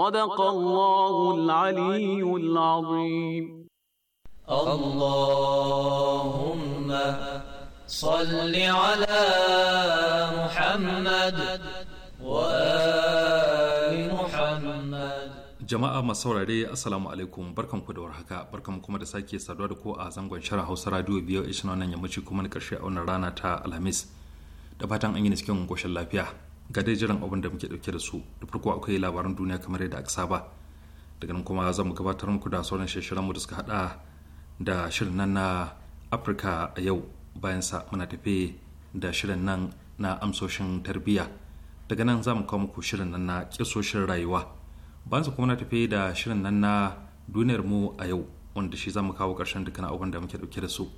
صدق الله العلي العظيم اللهم صل على محمد وآل محمد jama'a masu saurare assalamu alaikum barkanku da warhaka barkanku kuma da sake saduwa da ku a zangon shirin hausa radio biyo ishirin wannan yammaci kuma na karshe a wannan rana ta alhamis da fatan an yi cikin koshin lafiya ga dai jiran abin da muke dauke da su da farko akwai labaran duniya kamar yadda aka saba daga nan kuma za mu gabatar muku da sauran shirin mu da suka hada da shirin nan na afirka a yau bayan sa muna tafe da shirin nan na amsoshin tarbiyya daga nan za mu kawo muku shirin nan na kisoshin rayuwa bayan sa kuma na tafe da shirin nan na duniyar mu a yau wanda shi za mu kawo karshen dukkan abin da muke dauke da su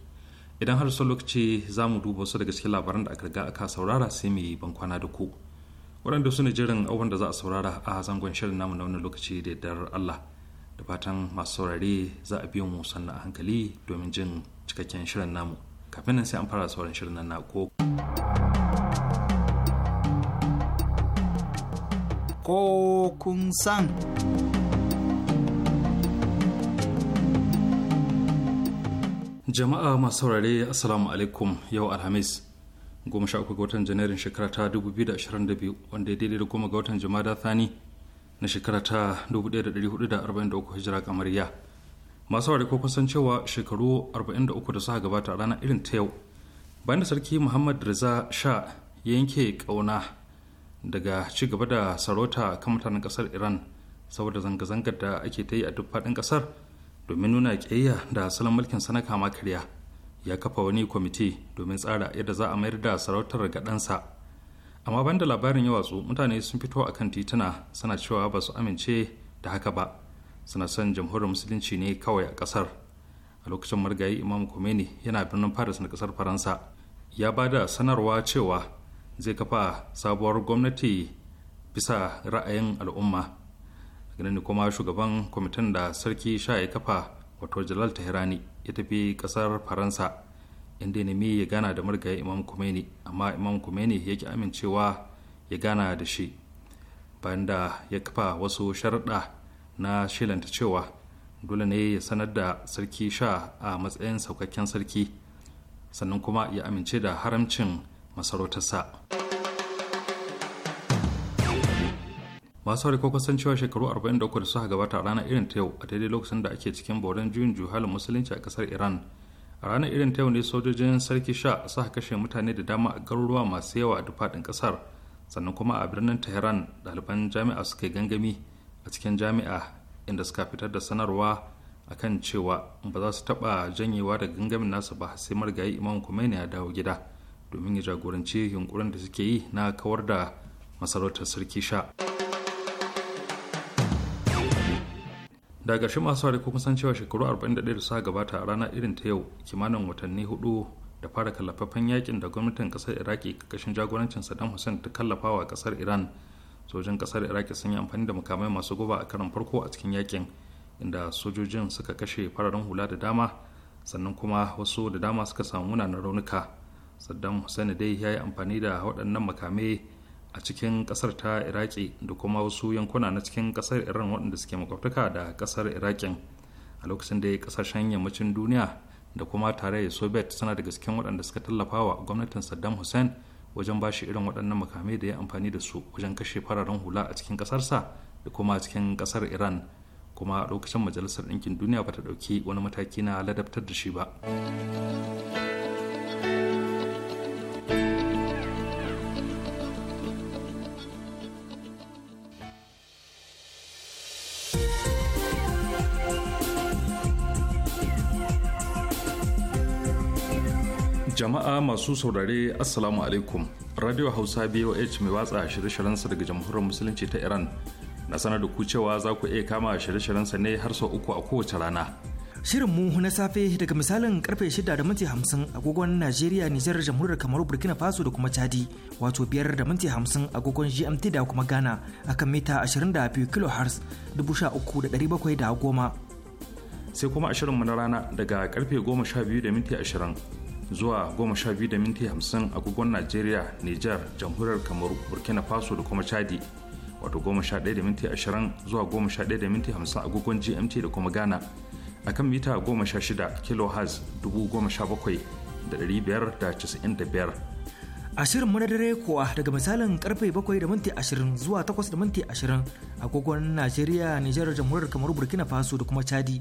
idan har sun lokaci za mu duba wasu daga cikin labaran da aka riga aka saurara sai mu yi bankwana da ku waɗanda su ne jirin abubuwan da za a saurara a zangon shirin namu na wani lokaci da dar Allah da fatan masu saurare za a biyo mu sannan a hankali domin jin cikakken shirin namu kafin nan sai an fara sauran shirin nan na ko ko kun san jama'a masu saurare assalamu alaikum yau alhamis goma sha uku ga watan janairun shekara ta 2022 wanda ya daidai da goma ga watan da thani na shekara ta 1443 hijira kamariya masu ware ko kusan cewa shekaru 43 da suka gabata a ranar irin ta yau bayan da sarki muhammad riza sha ya yanke kauna daga ci gaba da sarauta kan mutanen kasar iran saboda zanga-zangar da ake ta yi a duk faɗin kasar domin nuna ƙiyayya da salon mulkin sanaka makariya karya ya kafa wani kwamiti domin tsara yadda za a mayar da sarautar ga ɗansa amma da labarin ya watsu mutane sun fito a kan tituna suna cewa ba su amince da haka ba suna son jamhuriyar musulunci ne kawai a ƙasar a lokacin margayi imam khomeini yana birnin paris na ƙasar faransa ya ba da sanarwa cewa zai kafa sabuwar gwamnati bisa ra'ayin al'umma ganin kuma shugaban kwamitin da sarki sha ya kafa wato jalal tahirani ya tafi kasar faransa inda ya nemi ya gana da marigayi imam kumeni amma imam kumeni ya ki amincewa ya gana da shi bayan da ya kafa wasu sharaɗa na shilanta cewa dole ne ya sanar da sarki sha a matsayin saukakken sarki sannan kuma ya amince da haramcin masarautarsa. masu harko kusan cewa shekaru 43 da suka gabata a ranar irin ta yau a daidai lokacin da ake cikin borin juyin juhalin musulunci a kasar iran a ranar irin ta yau ne sojojin sarki sha suka kashe mutane da dama a garuruwa masu yawa a dufaɗin kasar sannan kuma a birnin tehran ɗaliban jami'a suka gangami a cikin jami'a inda suka fitar da sanarwa akan cewa ba za su taɓa janyewa da gangamin nasu ba sai marigayi imam kumaini ya dawo gida domin ya jagoranci yunkurin da suke yi na kawar da masarautar sarki sha. da ƙarshe masu ware kuma san cewa shekaru 41 da suka gabata a rana irin ta yau kimanin watanni hudu da fara kallafaffen yakin da gwamnatin ƙasar iraki kashin jagorancin saddam hussein ta kallafawa ƙasar iran sojin kasar iraki sun yi amfani da makamai masu guba a karon farko a cikin yakin inda sojojin suka kashe fararen hula da dama sannan kuma wasu da dama suka samu munanan raunuka saddam hussein dai ya yi amfani da waɗannan makamai a cikin kasar ta iraki da kuma wasu yankuna na cikin kasar iran waɗanda suke makwabtaka da kasar irakin a lokacin da kasashen yammacin duniya da kuma tarayyar soviet suna daga cikin waɗanda suka tallafa wa gwamnatin saddam hussein wajen ba shi irin waɗannan makamai da ya amfani da su wajen kashe fararen hula a cikin kasarsa da kuma a cikin kasar iran kuma a lokacin majalisar ɗinkin duniya ba ta ɗauki wani mataki na ladabtar da shi ba jama'a masu saurare assalamu alaikum radio hausa boh mai watsa shirye-shiryensa daga jamhuriyar musulunci ta iran na sanar da ku cewa za ku iya kama shirye-shiryensa ne har sau uku a kowace rana shirin mu na safe daga misalin karfe shida da minti 50 agogon najeriya nijar jamhuriyar kamar burkina faso da kuma chadi wato biyar da minti 50 agogon gmt da kuma ghana akan mita 22 kilohertz 13710 sai kuma ashirin mu na rana daga karfe goma sha 12 da minti ashirin. zuwa biyu da minti 50 agogon Najeriya, Nijar, Jamhuriyar Kamaru, Burkina Faso da kuma Chadi. Wato ɗaya da minti ashirin zuwa ɗaya da minti 50 agogon GMT da kuma Ghana. A kan mita 16 kHz 17,595. Ashirin mu na dare kuwa daga misalin karfe bakwai da minti ashirin zuwa takwas da minti 20 agogon Najeriya, Nijar, Jamhuriyar Kamaru, Burkina Faso da kuma Chadi.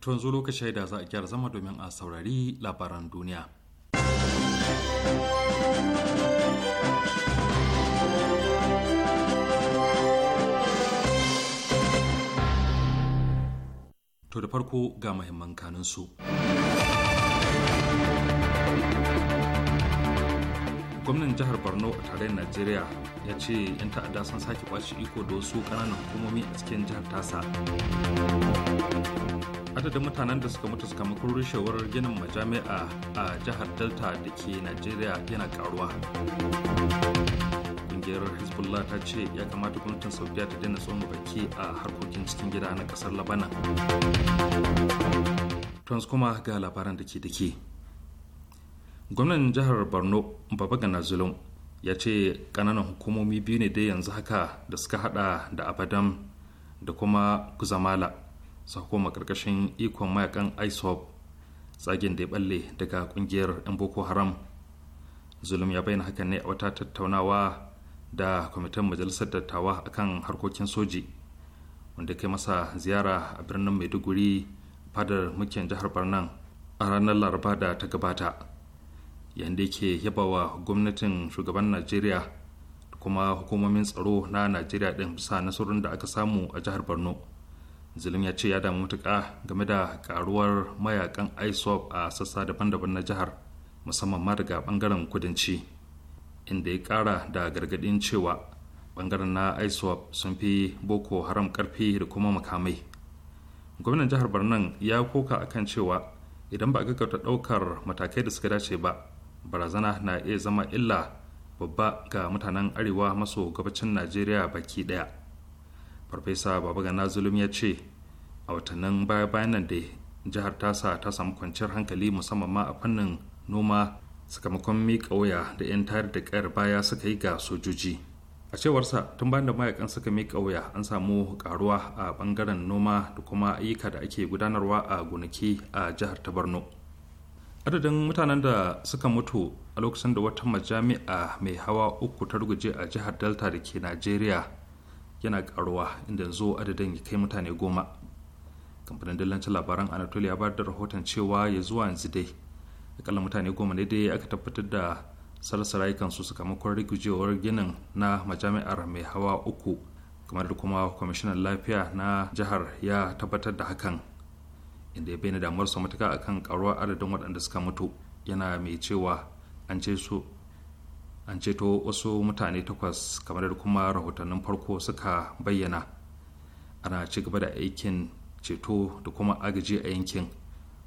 tun zo lokacin da za a gyara zama domin a saurari labaran duniya to da farko ga muhimman kanunsu. su gwamnan jihar borno a tarayyar najeriya ya ce 'yan ta'adda sun sake kwashe iko da wasu kananan hukumomi a cikin jihar tasa adadin mutanen da suka mutu sakamakon rushewar ginin majami'a a jihar delta da ke najeriya yana karuwa kungiyar hezbollah ta ce ya kamata gwamnatin saudiya ta daina tsohon baki a harkokin cikin gida na kasar labanan trans ga labaran da ke da ke gwamnan jihar borno baba gana zulum ya ce kananan hukumomi biyu ne dai yanzu haka da suka hada da abadam da kuma kuzamala su koma karkashin ikon mayakan isop tsagen da ya balle daga kungiyar 'yan boko haram zulum ya bayyana hakan ne a wata tattaunawa da kwamitin majalisar dattawa akan harkokin soji wanda kai masa ziyara a birnin maiduguri fadar mukin jihar barnan a ranar laraba da ta gabata yadda yake wa gwamnatin shugaban najeriya da kuma hukumomin tsaro na najeriya ɗin bisa nasarorin da aka samu a jihar borno zilin ya ce ya damu matuka game da karuwar mayakan isop a sassa daban-daban na jihar musamman ma daga bangaren kudanci inda ya kara da gargadin cewa bangaren na isop sun fi boko haram karfi da kuma makamai gwamnan jihar borno ya koka akan cewa idan ba a gaggauta daukar matakai da suka dace ba barazana na iya zama illa babba ga mutanen arewa maso gabacin najeriya baki daya farfesa babagana zulum ya ce a watannin baya bayan nan dai jihar tasa ta samu kwanciyar hankali musamman ma a fannin noma sakamakon miƙa waya da 'yan tayar da ƙayar baya suka yi ga sojoji a cewarsa tun bayan da mayakan suka miƙa waya an samu karuwa a ɓangaren noma da kuma ayyuka da ake gudanarwa a gonaki a jihar ta borno adadin mutanen da suka mutu a lokacin da wata majami'a mai hawa uku ta ruguje a jihar delta da ke nigeria yana karuwa inda zo adadin ya kai mutane goma kamfanin dillancin labaran anatolia ba da rahoton cewa ya zuwa yanzu dai akalla mutane goma ne dai aka tabbatar da sarsa su sakamakon rigujewar ginin na majami'ar mai hawa uku kamar da kuma kwamishinan lafiya na jihar ya tabbatar da hakan inda ya bayyana damuwar su matuka kan karuwar adadin waɗanda suka mutu yana mai cewa an ce su an ceto wasu mutane takwas kamar da kuma rahotannin farko suka bayyana ana ci gaba da aikin ceto da kuma agaji a yankin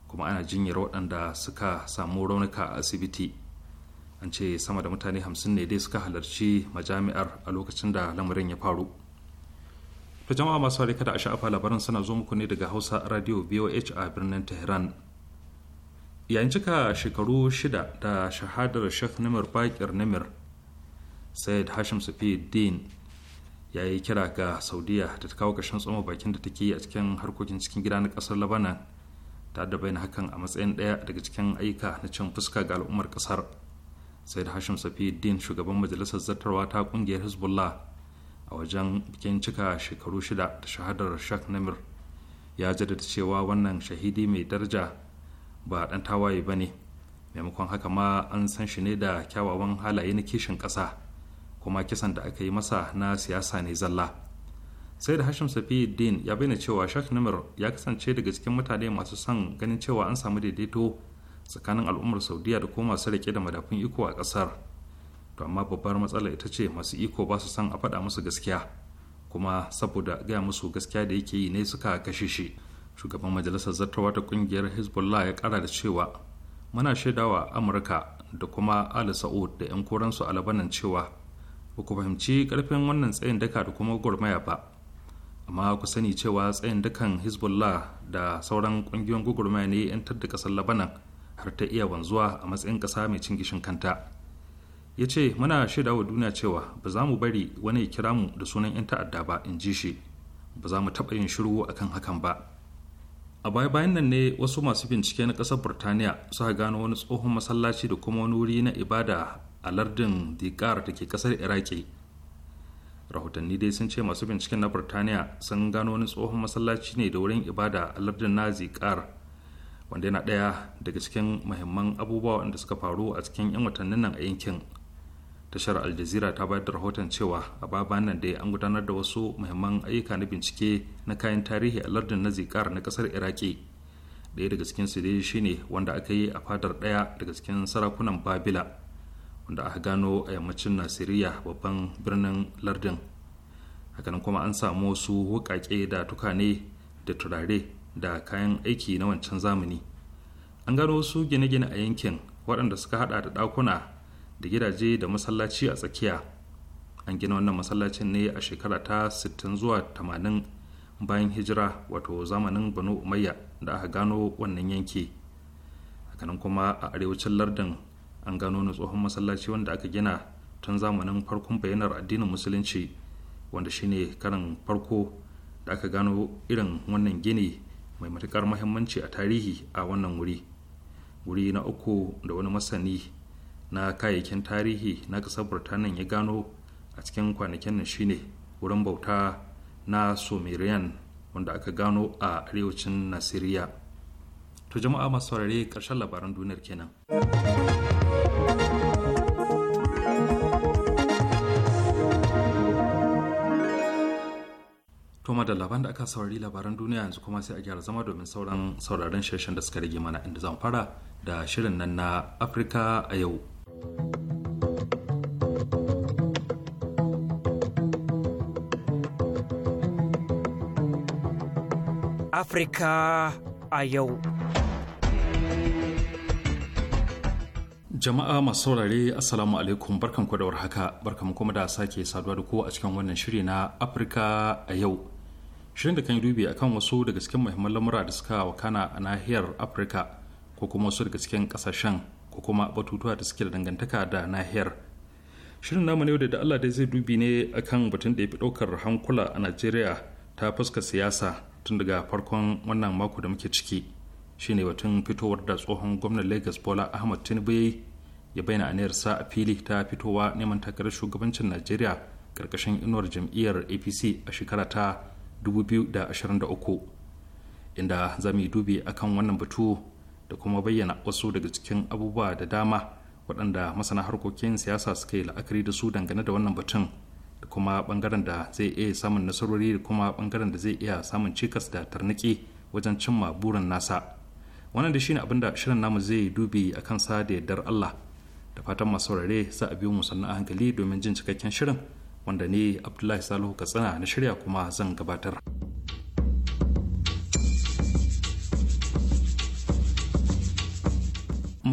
kuma ana jinyar waɗanda suka samu raunuka a asibiti an ce sama da mutane hamsin ne dai suka halarci majami'ar a lokacin da lamarin ya faru ta jama'a masu hari kada a sha'afa labaran suna zo muku ne daga hausa radio voh a birnin tehran yayin cika shekaru shida da shahadar sheikh nimir bakir nimir said hashim sufi din ya yi kira ga saudiya da ta kawo ƙashin tsoma bakin da take a cikin harkokin cikin gida na kasar labanan ta da bayan hakan a matsayin ɗaya daga cikin aika na cin fuska ga al'ummar ƙasar said hashim Sufi din shugaban majalisar zartarwa ta ƙungiyar hezbollah a wajen bikin cika shekaru shida da shahadar shak namir ya jaddada cewa wannan shahidi mai daraja ba dan tawaye ba ne maimakon haka ma an san shi ne da kyawawan halaye na kishin ƙasa kuma kisan da aka yi masa na siyasa ne zalla sai da hashim din ya bayyana cewa shak namir ya kasance daga cikin mutane masu son ganin cewa an samu daidaito tsakanin al'ummar saudiya da kuma masu rike da madafun iko a ƙasar to amma babbar matsala ita ce masu iko ba su san a faɗa musu gaskiya kuma saboda gaya musu gaskiya da yake yi ne suka kashe shi shugaban majalisar zartawa ta kungiyar hezbollah ya kara da cewa muna shaidawa amurka da kuma ali sa'ud da 'yan koransu a labanan cewa ba ku fahimci karfin wannan tsayin daka da kuma gwagwarmaya ba amma ku sani cewa tsayin dakan hezbollah da sauran kungiyoyin gwagwarmaya ne 'yantar da kasar labanan har ta iya wanzuwa a matsayin kasa mai cin gishin kanta ya ce muna shaida wa duniya cewa ba za mu bari wani ya kira mu da sunan 'yan ta'adda ba in ji shi ba za mu taɓa yin shiru a kan hakan ba a baya bayan nan ne wasu masu bincike na ƙasar burtaniya suka gano wani tsohon masallaci da kuma wani wuri na ibada a lardin dikar da ke ƙasar iraki rahotanni dai sun ce masu binciken na burtaniya sun gano wani tsohon masallaci ne da wurin ibada a lardin na zikar wanda yana ɗaya daga cikin mahimman abubuwa wanda suka faru a cikin 'yan watannin nan a yankin tashar aljazira ta bayar da rahoton cewa a baban nan dai an gudanar da wasu muhimman ayyuka na bincike na kayan tarihi a lardin na zikar na kasar iraki ɗaya daga cikin su dai shine wanda aka yi a fadar ɗaya daga cikin sarakunan babila wanda aka gano a yammacin nasiriya babban birnin lardin hakanan kuma an samu wasu wuƙaƙe da tukane da turare da kayan aiki na wancan zamani an gano wasu gine-gine a yankin waɗanda suka haɗa da ɗakuna da gidaje da masallaci a tsakiya an gina wannan masallacin ne a shekara ta 60 zuwa 80 bayan hijira wato zamanin banu umayya da aka gano wannan yanki hakanan kuma a arewacin lardin an gano wani tsohon masallaci wanda aka gina tun zamanin farkon bayanar addinin musulunci wanda shine karin farko da aka gano irin wannan gini mai matukar muhimmanci a tarihi a wannan wuri wuri na uku da wani masani na kayayyakin tarihi na kasar burtaniya ya gano a cikin kwanakin nan shine wurin bauta na sumerian wanda aka gano a arewacin nasiriya to jama'a masu saurare ƙarshen labaran duniyar kenan kuma da labaran da aka saurari labaran duniya yanzu kuma sai a gyara zama domin sauran sauraron shirin da suka rage mana inda zan fara da shirin nan na Afirka a yau. Afirka a yau. Jama'a masu saurare Assalamu alaikum barkanku da warhaka barkanku kuma da sake saduwa da ku a cikin wannan shiri na Afirka a yau. Shirin da kan dubi akan wasu daga cikin muhimman lamura da suka wakana a nahiyar Afirka ko kuma wasu daga cikin kasashen ko kuma batutuwa da suke da dangantaka da nahiyar shirin namu ne da allah dai zai dubi ne akan batun da ya fi ɗaukar hankula a najeriya ta fuska siyasa tun daga farkon wannan mako da muke ciki shine batun fitowar da tsohon gwamnan lagos bola ahmad tinubu ya bayyana sa a fili ta fitowa neman takarar shugabancin najeriya karkashin inuwar jam'iyyar apc a shekara ta 2023 inda za mu dubi akan wannan batu da kuma bayyana wasu daga cikin abubuwa da dama waɗanda masana harkokin siyasa suka yi la'akari da su dangane da wannan batun da kuma bangaren da zai iya samun nasarori da kuma bangaren da zai iya samun cikas da tarniki wajen cimma burin nasa wannan da shine abinda shirin namu zai dubi a sa da yardar Allah da fatan masu saurare za a biyo mu sannan a hankali domin jin cikakken shirin wanda ni Abdullahi Salihu Katsina na shirya kuma zan gabatar.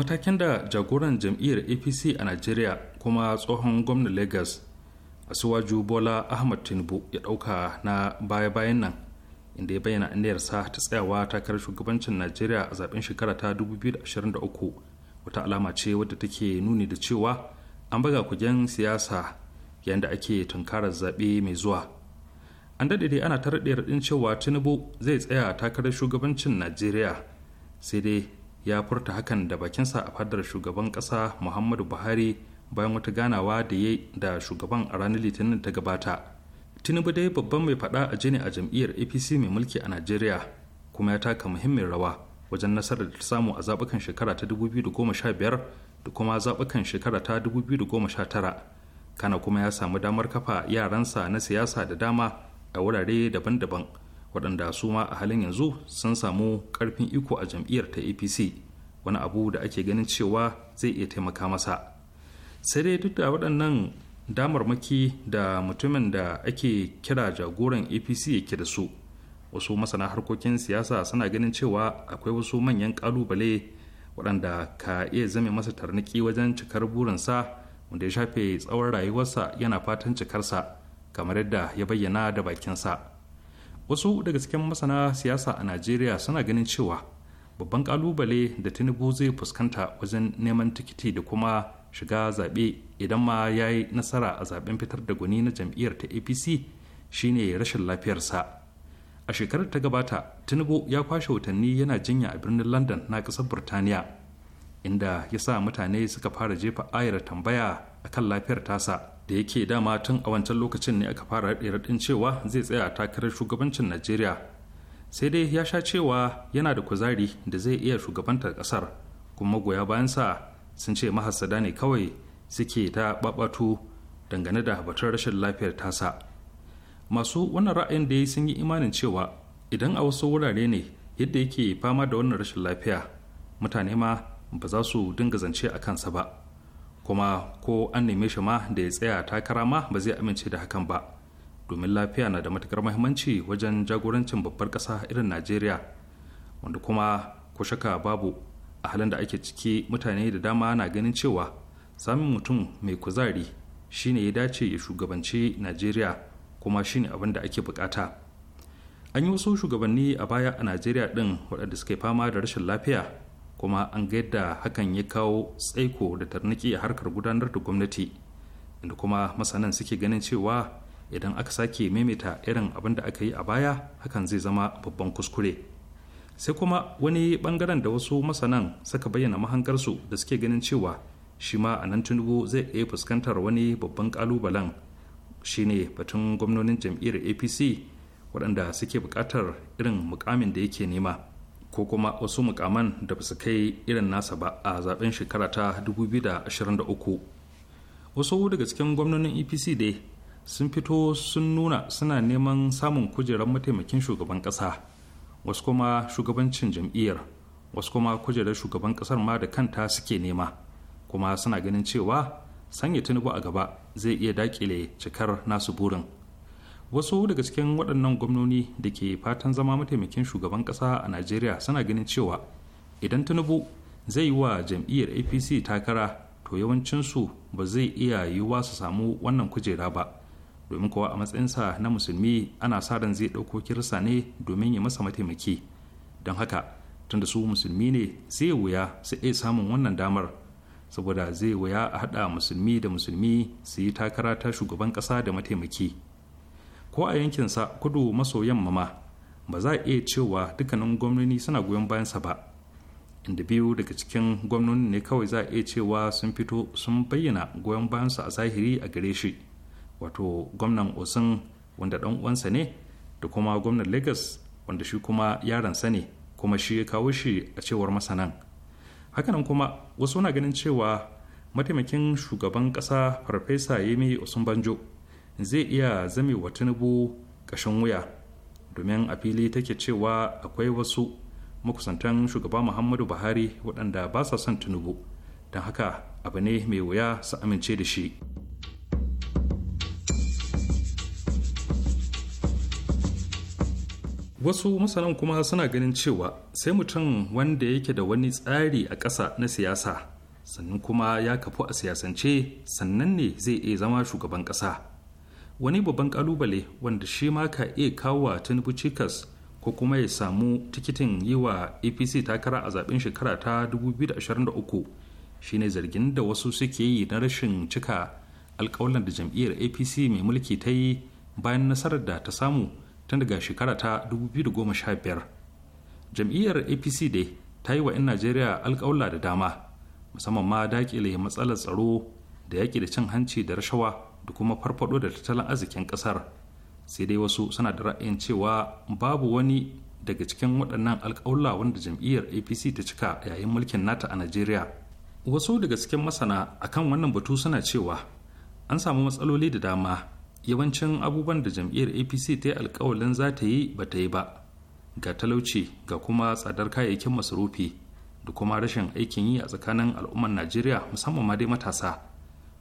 matakin da jagoran jam'iyyar apc a najeriya kuma tsohon gwamnan lagos asuwaju bola ahmad tinubu ya dauka na baya-bayan nan inda ya bayyana aniyarsa ta tsayawa takarar shugabancin najeriya a zaben shekara ta 2023 wata alama ce wadda take nuni da cewa an baga kugen siyasa yadda ake tunkarar zaɓe mai zuwa an daɗe ana ta raɗin cewa tinubu zai tsaya takarar shugabancin najeriya sai dai ya furta hakan da bakinsa a fadar shugaban kasa muhammadu buhari bayan wata ganawa da ya da shugaban a ranar litinin ta gabata tinubu dai babban mai fada a jini a jam'iyyar apc mai mulki a najeriya kuma ya taka muhimmin rawa wajen nasarar da ta samu a zabukan shekara ta 2015 da kuma zabukan shekara ta 2019 kana kuma ya samu damar kafa yaransa na siyasa da dama a wurare daban-daban waɗanda su ma a halin yanzu sun samu ƙarfin iko a jam'iyyar ta apc wani abu da ake ganin cewa zai iya taimaka masa sai dai duk da waɗannan damarmaki da mutumin da ake kira jagoran apc yake da su wasu masana harkokin siyasa suna ganin cewa akwai wasu manyan ƙalubale waɗanda ka iya zame masa tarniki wajen cikar burinsa wanda ya shafe tsawon rayuwarsa yana fatan cikarsa kamar yadda ya bayyana da bakinsa. wasu daga cikin masana siyasa a najeriya suna ganin cewa babban kalubale da tinubu zai fuskanta wajen neman tikiti da kuma shiga zaɓe idan ma ya yi nasara a zaben fitar da gwani na jam'iyyar ta apc shine rashin lafiyarsa a shekarar ta gabata tinubu ya kwashe watanni yana jinya a birnin london na ƙasar burtaniya inda ya sa mutane suka fara jefa ayar tambaya akan lafiyar tasa da yake dama tun a wancan lokacin ne aka fara raɗin cewa zai tsaya takarar shugabancin najeriya sai dai ya sha cewa yana da kuzari da zai iya shugabantar ƙasar kuma magoya bayansa sun ce mahasada ne kawai suke ta babatu dangane da batun rashin lafiyar tasa masu wannan ra'ayin da ya sun yi imanin cewa idan a wasu wurare ne yadda yake fama da wannan rashin lafiya mutane ma ba za su dinga zance a kansa ba kuma ko an neme shi ma da ya tsaya takara ma ba zai amince da hakan ba domin lafiya na da matukar mahimmanci wajen jagorancin babbar ƙasa irin najeriya wanda kuma ko shaka babu a halin da ake ciki mutane da dama na ganin cewa samun mutum mai kuzari shine ya dace ya shugabanci najeriya kuma shine abin da ake bukata an yi wasu shugabanni a baya a najeriya din waɗanda suke fama da rashin lafiya kuma an ga yadda hakan ya kawo tsaiko da tarniki a harkar gudanar da gwamnati inda kuma masanan suke ganin cewa idan aka sake maimaita irin abin da aka yi a baya hakan zai zama babban kuskure sai kuma wani bangaren da wasu masanan suka bayyana mahangarsu da suke ganin cewa shi ma a nan tunubu zai iya fuskantar wani babban kalubalen shine batun gwamnonin jam'iyyar apc waɗanda suke buƙatar irin mukamin da yake nema ko kuma wasu mukaman da ba su kai irin nasa ba a zaben shekara ta 2023 wasu daga cikin gwamnonin epc dai sun fito sun nuna suna neman samun kujerar mataimakin shugaban kasa wasu kuma shugabancin jam'iyyar wasu kuma kujerar shugaban kasar ma da kanta suke nema kuma suna ganin cewa sanya tinubu a gaba zai iya dakile cikar nasu burin wasu daga cikin waɗannan gwamnoni da ke fatan zama mataimakin shugaban ƙasa a najeriya suna ganin cewa idan tinubu zai yi wa jam'iyyar apc takara to yawancinsu ba zai iya yiwuwa su samu wannan kujera ba domin kowa a matsayinsa na musulmi ana sa ran zai ɗauko kirsa ne domin ya masa mataimaki don haka tunda su musulmi ne zai wuya su iya samun wannan damar saboda zai wuya a haɗa musulmi da musulmi su yi takara ta shugaban ƙasa da mataimaki ko a yankinsa kudu maso yamma ma ba za a iya cewa dukkanin gwamnoni suna goyon bayansa ba inda biyu daga cikin gwamnoni ne kawai za a iya cewa sun fito sun bayyana goyon bayansa a zahiri a gare shi wato gwamnan osun wanda dan uwansa ne da kuma gwamnan lagos wanda shi kuma yaransa ne kuma shi ya kawo shi a cewar masanan hakanan kuma wasu na ganin cewa mataimakin shugaban kasa farfesa yemi osun banjo zai iya zame wa tinubu ƙashin wuya domin a fili take cewa akwai wasu makusantan shugaba muhammadu buhari waɗanda ba sa son tinubu don haka abu ne mai wuya su amince da shi wasu masanan kuma suna ganin cewa sai mutum wanda yake da wani tsari a ƙasa na siyasa sannan kuma ya kafu a siyasance sannan ne zai iya zama shugaban ƙasa wani babban kalubale wanda shi ma ka iya kawo wa tinubu cikas ko kuma ya samu tikitin yi wa apc takara a zaben shekara ta 2023 shine zargin da wasu suke yi na rashin cika alkawalan da jam'iyyar apc mai mulki ta yi bayan nasarar da ta samu tun daga shekara ta 2015 jam'iyyar apc dai ta yi wa 'yan najeriya alkawalla da dama musamman ma dakile matsalar tsaro da yaƙi da cin hanci da rashawa da kuma farfado da tattalin arzikin kasar sai dai wasu suna da ra'ayin cewa babu wani daga cikin waɗannan alƙawla wanda jam'iyyar apc ta cika yayin mulkin nata a najeriya wasu daga cikin masana akan wannan batu suna cewa an samu matsaloli da dama yawancin abubuwan da jam'iyyar apc ta yi alƙawalin za ta yi ba ta yi ba ga talauci ga kuma tsadar kayayyakin masarufi da kuma rashin aikin yi a tsakanin al'ummar najeriya musamman ma dai matasa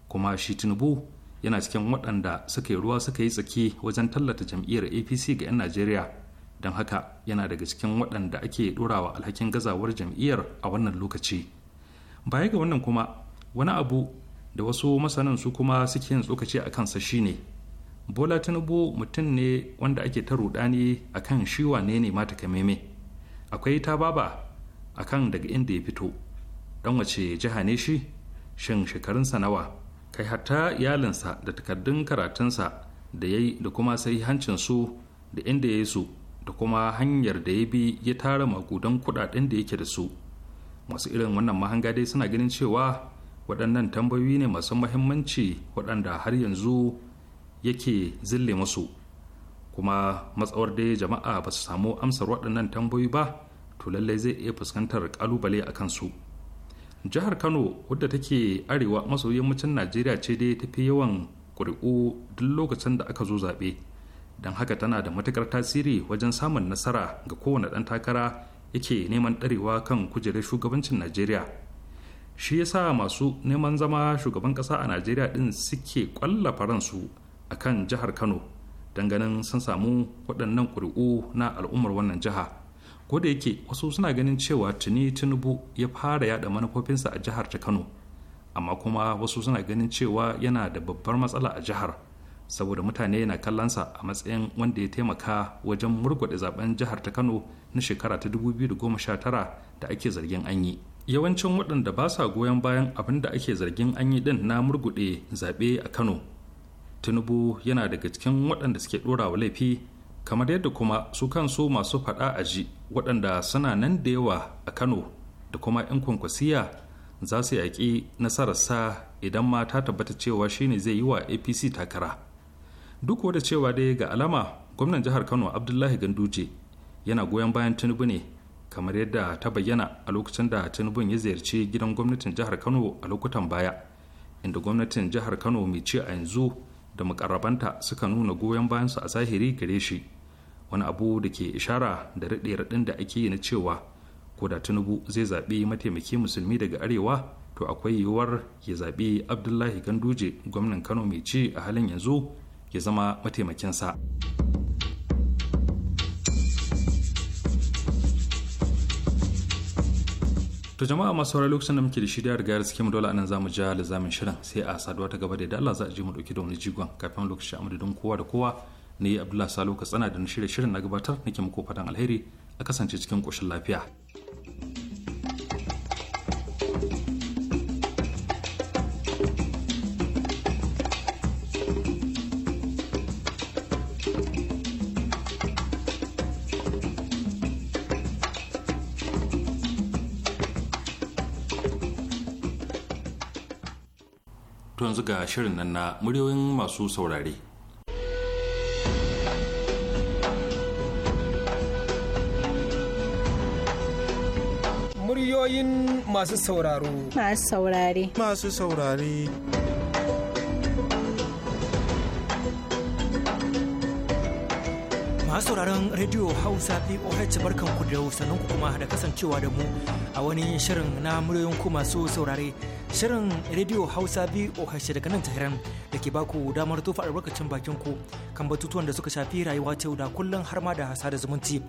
kuma shi tinubu yana cikin waɗanda suka yi ruwa suka yi tsaki wajen tallata jam'iyyar apc ga 'yan najeriya don haka yana daga cikin waɗanda ake ɗorawa alhakin gazawar jam'iyyar a wannan lokaci baya ga wannan kuma wani abu da wasu masanan su kuma suke yin tsokaci a kansa shine bola tinubu mutum ne wanda ake ta rudani a kan shi wane ne mata kameme akwai ta baba a kan daga inda ya fito don wace jiha ne shi shin shekarunsa nawa kai hatta iyalinsa da takardun karatunsa da ya yi da kuma sai su da inda ya yi su da kuma hanyar da ya bi ya tara magudan kudaden da yake da su masu irin wannan mahanga dai suna ganin cewa waɗannan tambayoyi ne masu mahimmanci waɗanda har yanzu yake zille musu kuma matsawar dai jama'a ba su samu amsar waɗannan tambayoyi ba to lallai zai iya fuskantar kalubale a kansu. su jihar kano wadda take arewa maso yammacin najeriya ce dai ta fi yawan ƙuri'u duk lokacin da aka zo zaɓe don haka tana da matukar tasiri wajen samun nasara ga kowane ɗan takara yake neman ɗarewa kan kujerar shugabancin najeriya shi ya sa masu neman zama shugaban ƙasa a najeriya ɗin suke ƙwallafa ransu a kan jihar kano don ganin sun samu waɗannan ƙuri'u na al'ummar wannan jiha da yake wasu suna ganin cewa tuni tinubu ya fara yada manufofinsa a jihar ta kano amma kuma wasu suna ganin cewa yana da babbar matsala a jihar saboda mutane na kallonsa a matsayin wanda ya taimaka wajen murgwada zaben jihar ta kano na shekara ta 2019 da ake zargin an yi yawancin waɗanda ba sa goyon bayan abin da ake zargin an yi din na murgude zaɓe a kano tinubu yana daga cikin waɗanda suke ɗora wa laifi kamar yadda kuma su kansu masu faɗa a ji waɗanda suna nan da yawa a kano da kuma 'yan kwankwasiya za su yaƙi sa idan ma ta tabbata cewa shine zai yi wa apc takara duk wadda cewa dai ga alama gwamnan jihar kano abdullahi ganduje yana goyon bayan tinubu ne kamar yadda ta bayyana a lokacin da tinubu ya ziyarci gidan gwamnatin jihar kano a lokutan baya inda gwamnatin jihar kano mai ci a yanzu da mukarrabanta suka nuna goyon bayansu a zahiri gare shi wani abu da ke ishara da raɗe raɗin da ake yi na cewa ko da tinubu zai zaɓi mataimaki musulmi daga arewa to akwai yiwuwar ya zaɓi abdullahi ganduje gwamnan kano mai ci a halin yanzu ya zama mataimakinsa to jama'a masu saurari lokacin da muke da shi da riga da suke dole anan zamu ja lizamin shirin sai a saduwa ta gaba da Allah za a je mu dauki da wani jigon kafin lokacin amadadin kowa da kowa ni abdullahi salo ka tsana da na shirya shirin na gabatar nake muku fatan alheri a kasance cikin ƙoshin lafiya yanzu ga shirin nan na muryoyin masu saurare. Muryoyin masu sauraro. Masu saurare. Masu saurare. masu sauraron rediyo hausa barkan barkanku da sannan ku kuma da kasancewa da mu a wani shirin na muryoyin ku masu saurare shirin rediyo hausa voh daga nan tahiran da ke baku damar tofa albarkacin bakin ku kan batutuwan da suka shafi rayuwa ta da kullum har ma da sada zumunci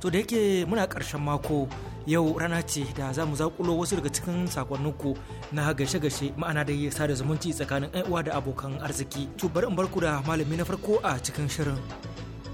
to da yake muna ƙarshen mako yau rana ce da za mu zaƙulo wasu daga cikin sakonninku na gashe-gashe ma'ana da yasa da zumunci tsakanin uwa da abokan arziki to bari in barku da malami na farko a cikin shirin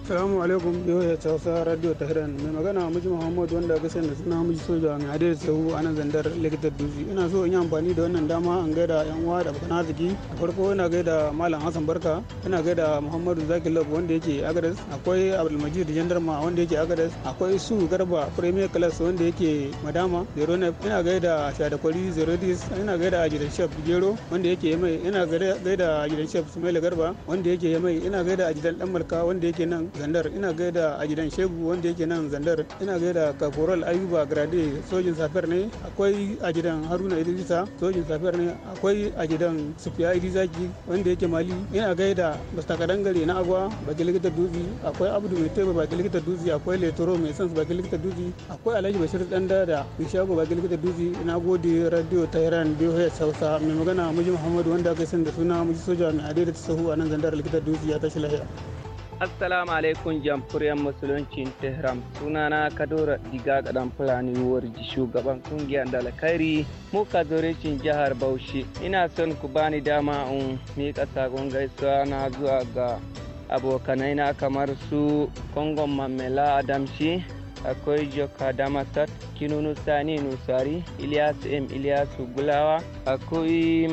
Salamu alaikum yau ya tausa radio ta Tehran mai magana miji Muhammad wanda ga sanda suna miji soja mai hadar sahu a nan zandar likitar duzi ina so in yi amfani da wannan dama an gaida yan uwa da abokan arziki da farko ina gaida Malam Hassan Barka ina gaida Muhammadu Zaki Lab wanda yake Agadas akwai Abdulmajid Jandarma wanda yake Agadas akwai Su Garba Premier Class wanda yake Madama Zero ina gaida Shadakwari Zero Dis ina gaida ajidan shef Gero wanda yake Yamai ina gaida ajidan shef Sumaila Garba wanda yake Yamai ina gaida ajidan Dan Malka wanda yake nan zandar ina gaida a gidan shegu wanda yake nan zandar ina gaida kaforal ayuba grade sojin safiyar ne akwai a gidan haruna idrisa sojin safiyar ne akwai a gidan sufiya idrisaki wanda yake mali ina gaida mr kadangare na agwa baki likita dutse akwai abdu mai teba baki likita dutse akwai letoro mai sans baki likita dutse akwai alhaji bashir dan dada bishago baki likita dutse ina gode radio tehran biyu ya sausa mai magana muji muhammadu wanda aka sani da suna muji soja mai adaidata a sahu a nan zandar likita dutse ya tashi lahiya Assalamu alaikum jamhuriyar musuluncin Tehran sunana Kadura Diga Kadan Fulani Warji shugaban kungiyar Dalakari mu zorecin jihar Bauchi ina son ku bani dama in miƙa sakon gaisuwa na zuwa ga abokanai na kamar su Kongon Mamela Adamshi akwai Joka Damasat Kinunu Sani Nusari Ilyasu M Ilyasu Gulawa akwai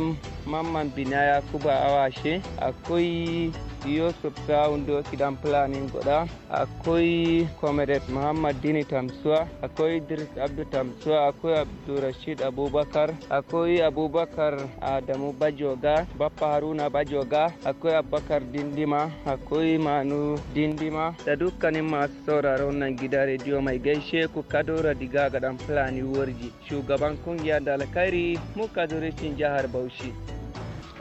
Mamman Binaya Kuba Awashe akwai yo sopta undo kiɗan planning goda akwai comrade muhammad dini tamsuwa akwai idris abdu tamsuwa akwai abdurashid abubakar akwai abubakar adamu bajoga bappa haruna bajoga akwai abubakar dindima akwai manu dindima da dukkanin masu sauraron nan gida rediyo mai gaishe ku kadora diga gaɗan fulani warji shugaban kungiyar da alkhairi muka zurishin jihar bauchi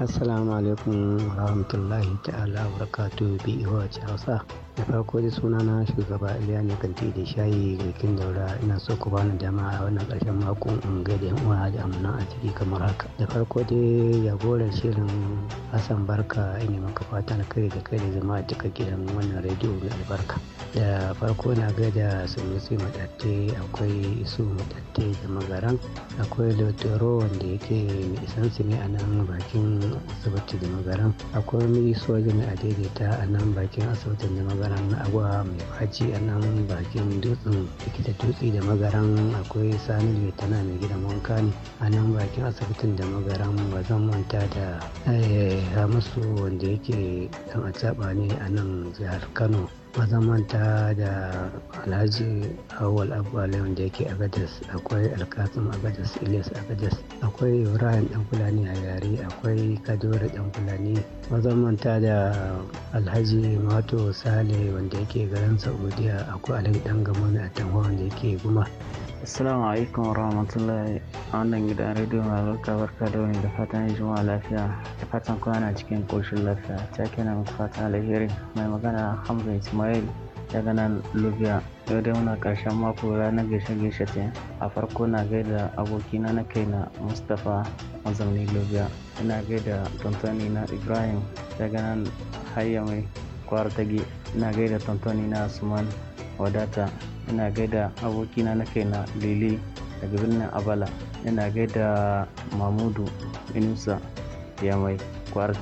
assalamu alaikum warahmatullahi ta'ala barakatuhu bi e hausa da farko da suna na shugaba iliya ne kanti da shayi rikin daura ina so ku bani dama a wannan karshen mako in ga da uwa da amana a ciki kamar haka da farko dai shirin hassan barka ina maka fatan kai da kai da zama a cika gidan wannan rediyo mai albarka da farko na ga da sunusi matatte akwai isu matatte da magaran akwai lotero wanda yake su ne a nan bakin asibiti da magaran akwai mai soja a daidaita a nan bakin asibitin da magaran magaran agwa mai faci a nan bakin dutsen likita dutse da magaran akwai sani mai tana mai gidan wanka ne a nan bakin asibitin da magaran ba zan manta da eh, hamisu wanda yake dan a ne a nan jihar kano mazamanta da alhaji awal abu da yake agadas akwai alkasim agadas ilyas agadas akwai ibrahim dan fulani a yare akwai kadore dan fulani mazamanta da alhaji mato sale wanda yake garin saudiya akwai alhaji dan gamon a tanwa wanda yake guma Assalamu alaikum warahmatullahi wannan gidan rediyo mai albarka barka da wani da fatan juma'a lafiya da fatan kwana cikin koshin lafiya ta kenan muku fatan alheri mai magana hamza ismail daga nan lubiya yau dai muna karshen mako ranar gaishe gaishe ce a farko na gaida abokina na kaina mustapha mazauni lubiya ina gaida tantani na ibrahim daga nan hayya mai kwar ina gaida tantani na suman wadata ina gaida abokina na kaina lele daga birnin abala ina gaida mamudu inusa ya mai kwar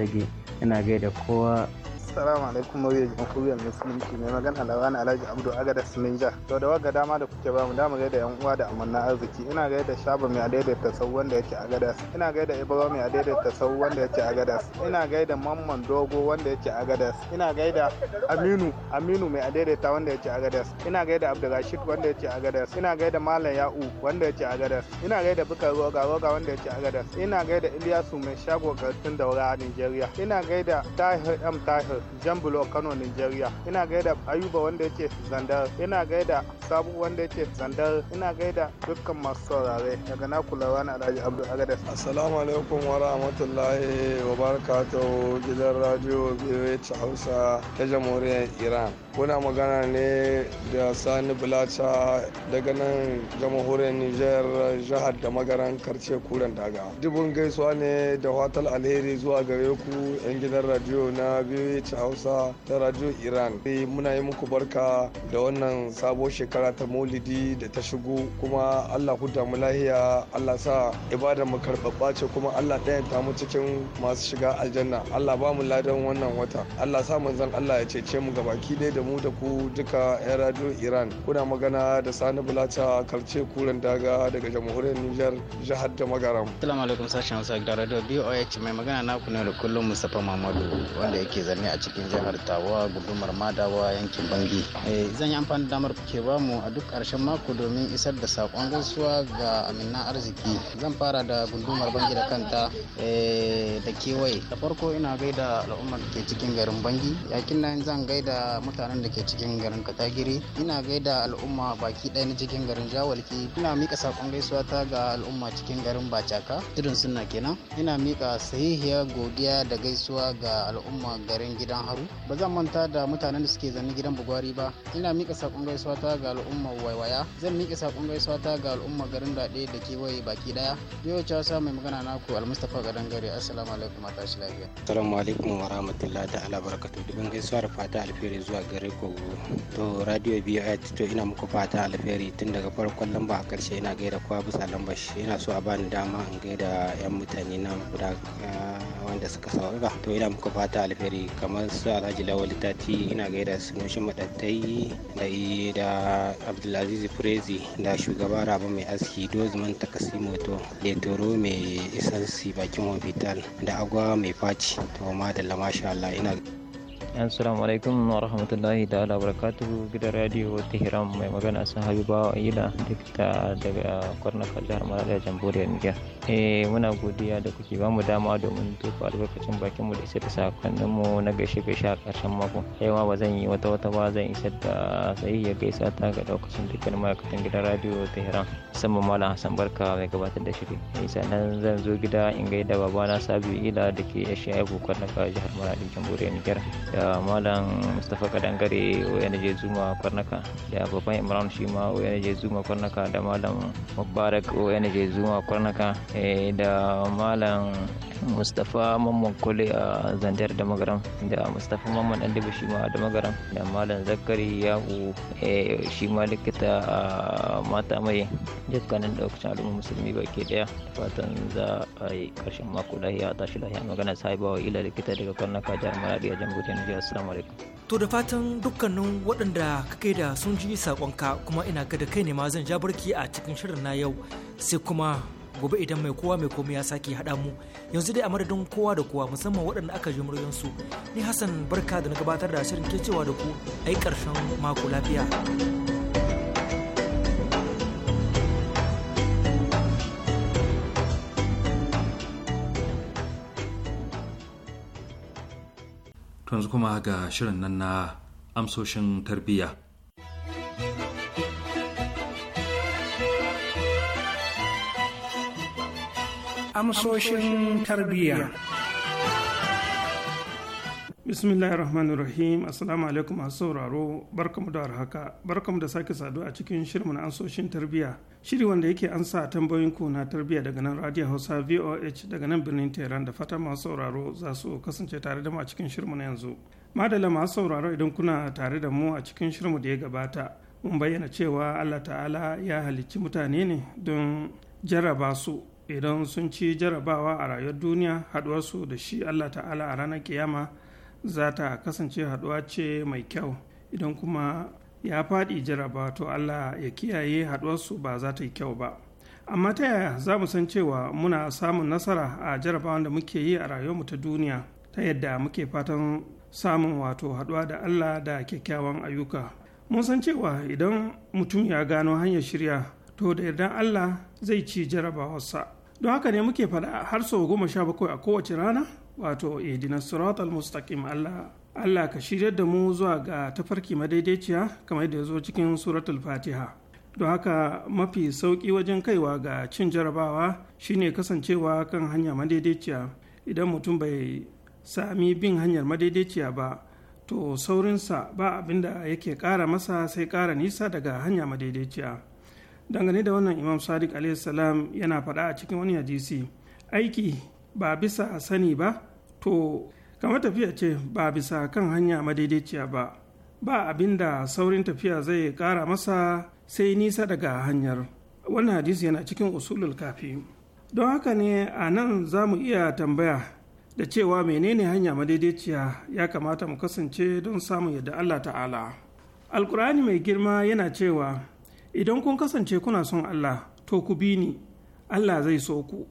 ina gaida kowa Assalamu alaikum mawuyar jamhuriyar musulunci mai magana lawani alhaji abdu agada sininja to da waga dama da kuke bamu dama gaida yan uwa da amanna arziki ina gaida shaba mai ta sau wanda yake agadas ina gaida ibro mai ta sau wanda yake agadas ina gaida mamman dogo wanda yake agadas ina gaida aminu aminu mai ta wanda yake agadas ina gaida Abdulrashid wanda yake agadas ina gaida malam ya'u wanda yake agadas ina gaida bukar roga roga wanda yake agadas ina gaida iliyasu mai shago kartun daura a nigeria ina gaida tahir m tahir jan bulo kano nigeria ina gaida ayuba wanda yake zandar ina gaida sabu wanda yake zandar ina gaida dukkan masu saurare daga na kula wani alhaji abdul agadas assalamu alaikum wa rahmatullahi wa barakatuhu gidan radio biyu hausa ta jamhuriyar iran kuna magana ne da sani bulacha daga nan jamhuriyar niger jihar da magaran karce kuren daga dubun gaisuwa ne da watal alheri zuwa gare ku yan gidan radio na biyu hausa ta radio iran eh, muna yi muku barka da wannan sabo shekara ta maulidi da ta shigo kuma allah huda mu lahiya allah sa ibada mu karɓaɓɓa ce kuma allah ɗayan ta mu cikin masu shiga aljanna allah ba mu ladan wannan wata allah sa zan allah ya cece mu gabaki ɗaya da mu da ku duka 'yan radio iran kuna magana da sani bulata karce kuren daga daga jamhuriyar niger jihar da magaram salamu alaikum sashen hausa da radio boh mai magana na kuna da kullum mustapha mamadu wanda yake zanne a cikin jihar tawa gudumar madawa yankin bangi eh, zan yi amfani da damar ke bamu a duk karshen mako domin isar da saƙon gaisuwa ga amina arziki zan fara da gundumar bangi da kanta eh, da kewaye da farko ina gaida al'ummar da ke cikin garin bangi yakin nan zan gaida mutane mutanen da ke cikin garin katagiri ina gaida al'umma baki ɗaya na cikin garin jawalki ina mika sakon gaisuwa ta ga al'umma cikin garin bacaka Irin suna kenan ina mika sahihiyar godiya da gaisuwa ga al'umma garin gidan haru ba zan manta da mutanen da suke zanne gidan bugwari ba ina mika sakon gaisuwa ta ga al'umma waiwaya zan mika sakon gaisuwa ta ga al'umma garin daɗe da kewaye baki ɗaya yau cewa sa mai magana naku almustapha garin gari assalamu alaikum tashi lafiya assalamu alaikum wa rahmatullahi ta'ala barakatuh dubin gaisuwa da fata alheri zuwa ga ku to radio biyu to ina muku fata alheri tun daga farkon lamba a karshe ina gaida kowa bisa lamba shi ina so a bani dama in gaida yan mutane na guda ah, wanda suka saurara to ina muku fata alheri kamar su alhaji lawal tati ina gaida su nushin madattai da da abdulaziz furezi da shugaba rabu mai aski dozman takasimo to letoro mai isansi bakin hospital da agwa mai faci to ma da lamasha Allah ina assalamu alaikum wa rahmatullahi ta'ala barakatuhu gidan radio tehran mai magana sun habiba ila dukka daga kwarnaka jihar marada jamhuriyar niger eh muna godiya da kuke ba mu dama domin tofa albarkacin bakin mu da isa da sakonnin mu na gaishe gaishe a karshen mako yawa ma ba zan yi wata wata ba zan isa da sai ya gaisa ta ga daukacin dukkan ma'aikatan gidan radio tehran musamman malam hassan barka mai gabatar da shiri eh, sannan zan zo gida in gaida babana sabiu ila da ke ya shi aibu kwarnaka jihar marada jamhuriyar niger da malam mustapha kadangare ONG Zuma Kwarnaka da babban Imran shi ma ONG Zuma Kwarnaka da malam Mubarak ONG Zuma Kwarnaka eh, da malam mustapha mamman kole a zandar da magaram da mustapha mamman dan shi ma da magaram da malam zakari yahu eh, shi ma likita a mata mai dukkanin daukacin al'umma musulmi baki daya fatan za a yi karshen mako lahiya a tashi lahiya magana wa ila likita daga kwarnaka jihar maradi a jamhuriyar assalamu alaikum to da fatan dukkanin waɗanda kake da sun ji saƙonka kuma ina ga da kai ne ma zan ja barki a cikin shirin na yau sai kuma gobe idan mai kowa mai komai ya sake haɗa mu yanzu dai a madadin kowa da kowa musamman waɗanda aka ji su ni hassan barka da na gabatar da shirin ke da ku yi ƙarshen mako lafiya to kuma ga shirin nan na amsoshin tarbiyya amsoshin tarbiyya Bismillahi rahmanir rahim assalamu alaikum masu sauraro barkamu da warhaka barkamu da sake saduwa a cikin shirin na ansoshin tarbiyya shiri wanda yake ansa tambayoyin ku na tarbiyya daga nan radio hausa voh daga nan birnin tehran da fatan masu sauraro za su kasance tare da mu a cikin shirin na yanzu madala masu sauraro idan kuna tare da mu a cikin shirin da ya gabata mun bayyana cewa allah ta'ala ya halicci mutane ne don jarraba su idan sun ci jarrabawa a rayuwar duniya haɗuwarsu da shi allah ta'ala a ranar kiyama za ta kasance haɗuwa ce mai kyau idan kuma ya faɗi jaraba to allah ya kiyaye haɗuwarsu ba za ta yi kyau ba amma ta yaya za mu san cewa muna samun nasara a jarabawar da muke yi a rayuwarmu ta duniya ta yadda muke fatan samun wato haɗuwa da allah da kyakkyawan ayyuka mun san cewa idan mutum ya gano hanyar shirya to da yardan allah zai ci jarabawarsa don haka ne muke faɗa har sau goma sha bakwai a kowace rana wato ihdina sirat al-mustaqim Allah Allah ka shirya da mu zuwa ga tafarki madaidaiciya kamar da ya zo cikin suratul fatiha don haka mafi sauƙi wajen kaiwa ga cin jarabawa shine kasancewa kan hanya madaidaiciya idan mutum bai sami bin hanyar madaidaiciya ba to saurinsa ba abinda da yake ƙara masa sai ƙara nisa daga hanya madaidaiciya dangane da wannan imam sadiq salam yana faɗa a cikin wani hadisi aiki ba bisa sani ba to kamar tafiya ce ba bisa kan hanya madaidaiciya ba ba abin da saurin tafiya zai kara masa sai nisa daga hanyar wannan hadisi yana cikin usulul kafi don haka ne a nan za mu iya tambaya da cewa menene hanya madaidaiciya ya kamata mu kasance don samun yadda allah ta'ala alkur'ani mai girma yana cewa idan kun kasance kuna son allah to ku bi ni allah zai so ku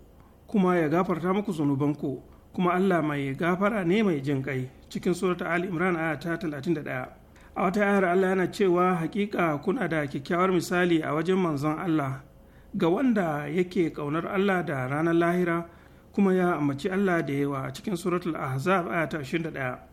kuma ya gafarta muku zunubanku kuma Allah mai gafara ne mai jin kai cikin surata Ali Imran aya ta 31 a wata ayar Allah yana cewa hakika kuna da kyakkyawar misali a wajen manzon Allah ga wanda yake kaunar Allah da ranar lahira kuma ya ambaci Allah da yawa a cikin suratul Ahzab aya ta 21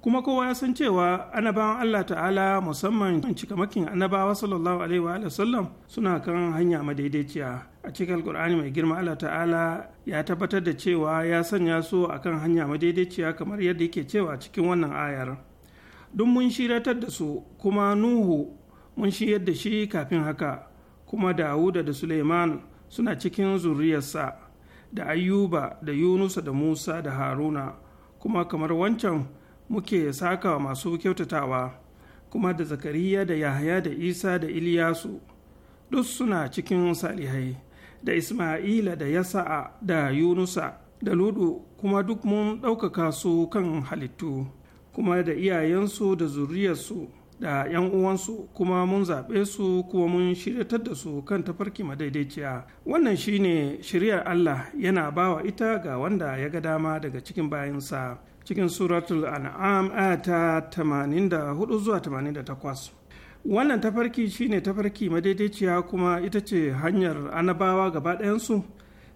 kuma kowa ya san cewa annabawan Allah ta'ala musamman cikamakin annabawa sallallahu alaihi wa sallam suna kan hanya madaidaiciya a cikin alkur'ani mai girma Allah ta'ala ya tabbatar da cewa ya sanya su a kan hanya madaidaiciya kamar yadda yake cewa cikin wannan ayar duk mun shiratar da su kuma nuhu mun shiryar da shi kafin haka kuma dawuda da suleiman suna cikin zuriyarsa da Ayuba da yunusa da musa da haruna kuma kamar wancan muke saka masu kyautatawa kuma da zakariya da yahaya da isa da iliyasu duk suna cikin salihai da isma'ila da yasa'a da yunusa da ludu kuma duk mun ɗaukaka su kan halittu kuma da iyayensu da zuriyarsu da 'yan uwansu kuma mun zaɓe su kuma mun shiryatar da su kan tafarki madaidaiciya wannan shine shiryar Allah yana bawa ita ga wanda ya ga dama daga cikin bayansa cikin suratul an'am ta 84 zuwa 88 wannan tafarki shine tafarki madaidaiciya kuma ita ce hanyar annabawa gaba ɗayansu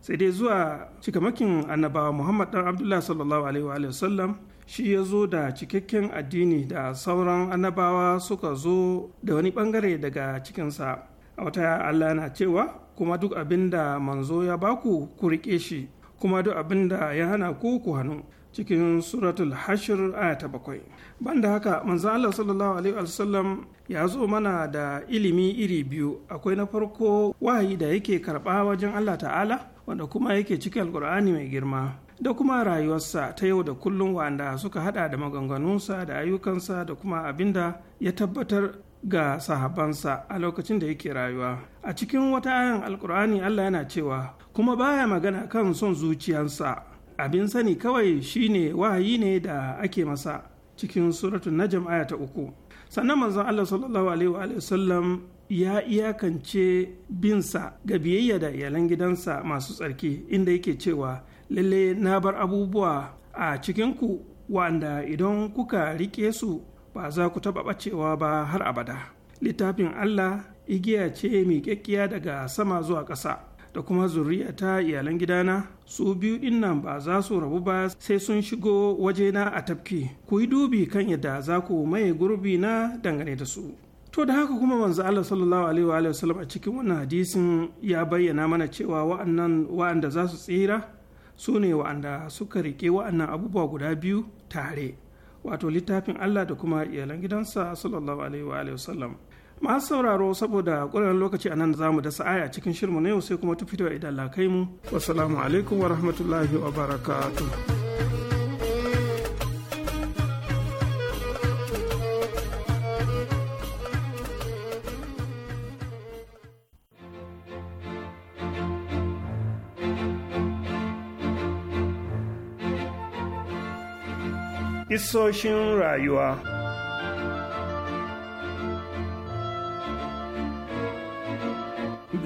sai dai zuwa cikamakin annabawa muhammad dan abdullah sallallahu alaihi wa sallam shi ya zo da cikakken addini da sauran annabawa suka zo da wani bangare daga cikinsa a wata allah na cewa kuma duk abin da manzo ya baku ku riƙe shi kuma duk abin da ya hana ku ku hannu cikin suratul hashir aya ta bakwai banda haka manzo Allah sallallahu alaihi wasallam ya zo mana da ilimi iri biyu akwai na farko wahayi da yake karba wajen Allah ta'ala wanda kuma yake cikin alkur'ani mai girma da kuma rayuwarsa ta yau da kullum wanda suka hada da maganganunsa da ayyukansa da kuma abinda ya tabbatar ga sahabansa a lokacin da yake rayuwa a cikin wata ayan alkur'ani Allah yana cewa kuma baya magana kan son zuciyarsa. abin sani kawai shine wahayi ne da ake masa cikin suratun najm aya ta uku sannan manzon Allah sallallahu alaihi wa sallam ya iyakance binsa ga biyayya da iyalan gidansa masu tsarki inda yake cewa lalle na bar abubuwa a cikinku wa'anda idan kuka rike su ba za ku taɓa ɓacewa ba har abada littafin Allah igiya ce miƙaƙƙiya daga sama zuwa ƙasa da kuma zuriya ta iyalan gidana su biyu din nan ba za su rabu ba sai sun shigo wajena a tafki ku yi dubi kan yadda za ku maye gurbi na dangane da su to da haka kuma manzo Allah sallallahu alaihi wa sallam a cikin wannan hadisin ya bayyana mana cewa wa'annan wa'anda za su tsira su ne wa'anda suka rike wa'annan abubuwa guda biyu tare wato littafin Allah da kuma iyalan gidansa sallallahu alaihi wa sallam masu sauraro saboda ƙwararren lokaci a nan za mu dasa aya cikin shirmu na yau sai kuma ta fito idan lakai mu wasalamu alaikum wa rahmatullahi wa barakatu. Isoshin rayuwa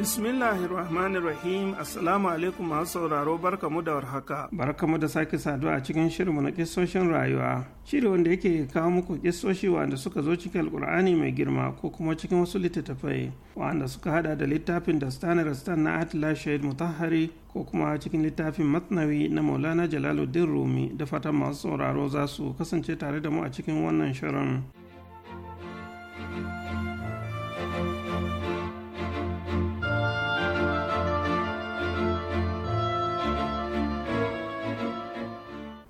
Bismillahirrahmanirrahim Assalamu alaikum masu sauraro barkamu da warhaka. Barkamu da sake saduwa a cikin shirinmu na kisoshin rayuwa. Shiri wanda yake kawo muku kisoshi wanda suka zo cikin alkur'ani mai girma ko kuma cikin wasu littattafai wanda suka hada da littafin da Stanar Stan na Atila Shahid Mutahari ko kuma cikin littafin Matnawi na Maulana Jalaluddin Rumi da fatan masu sauraro za su kasance tare da mu a cikin wannan shirin.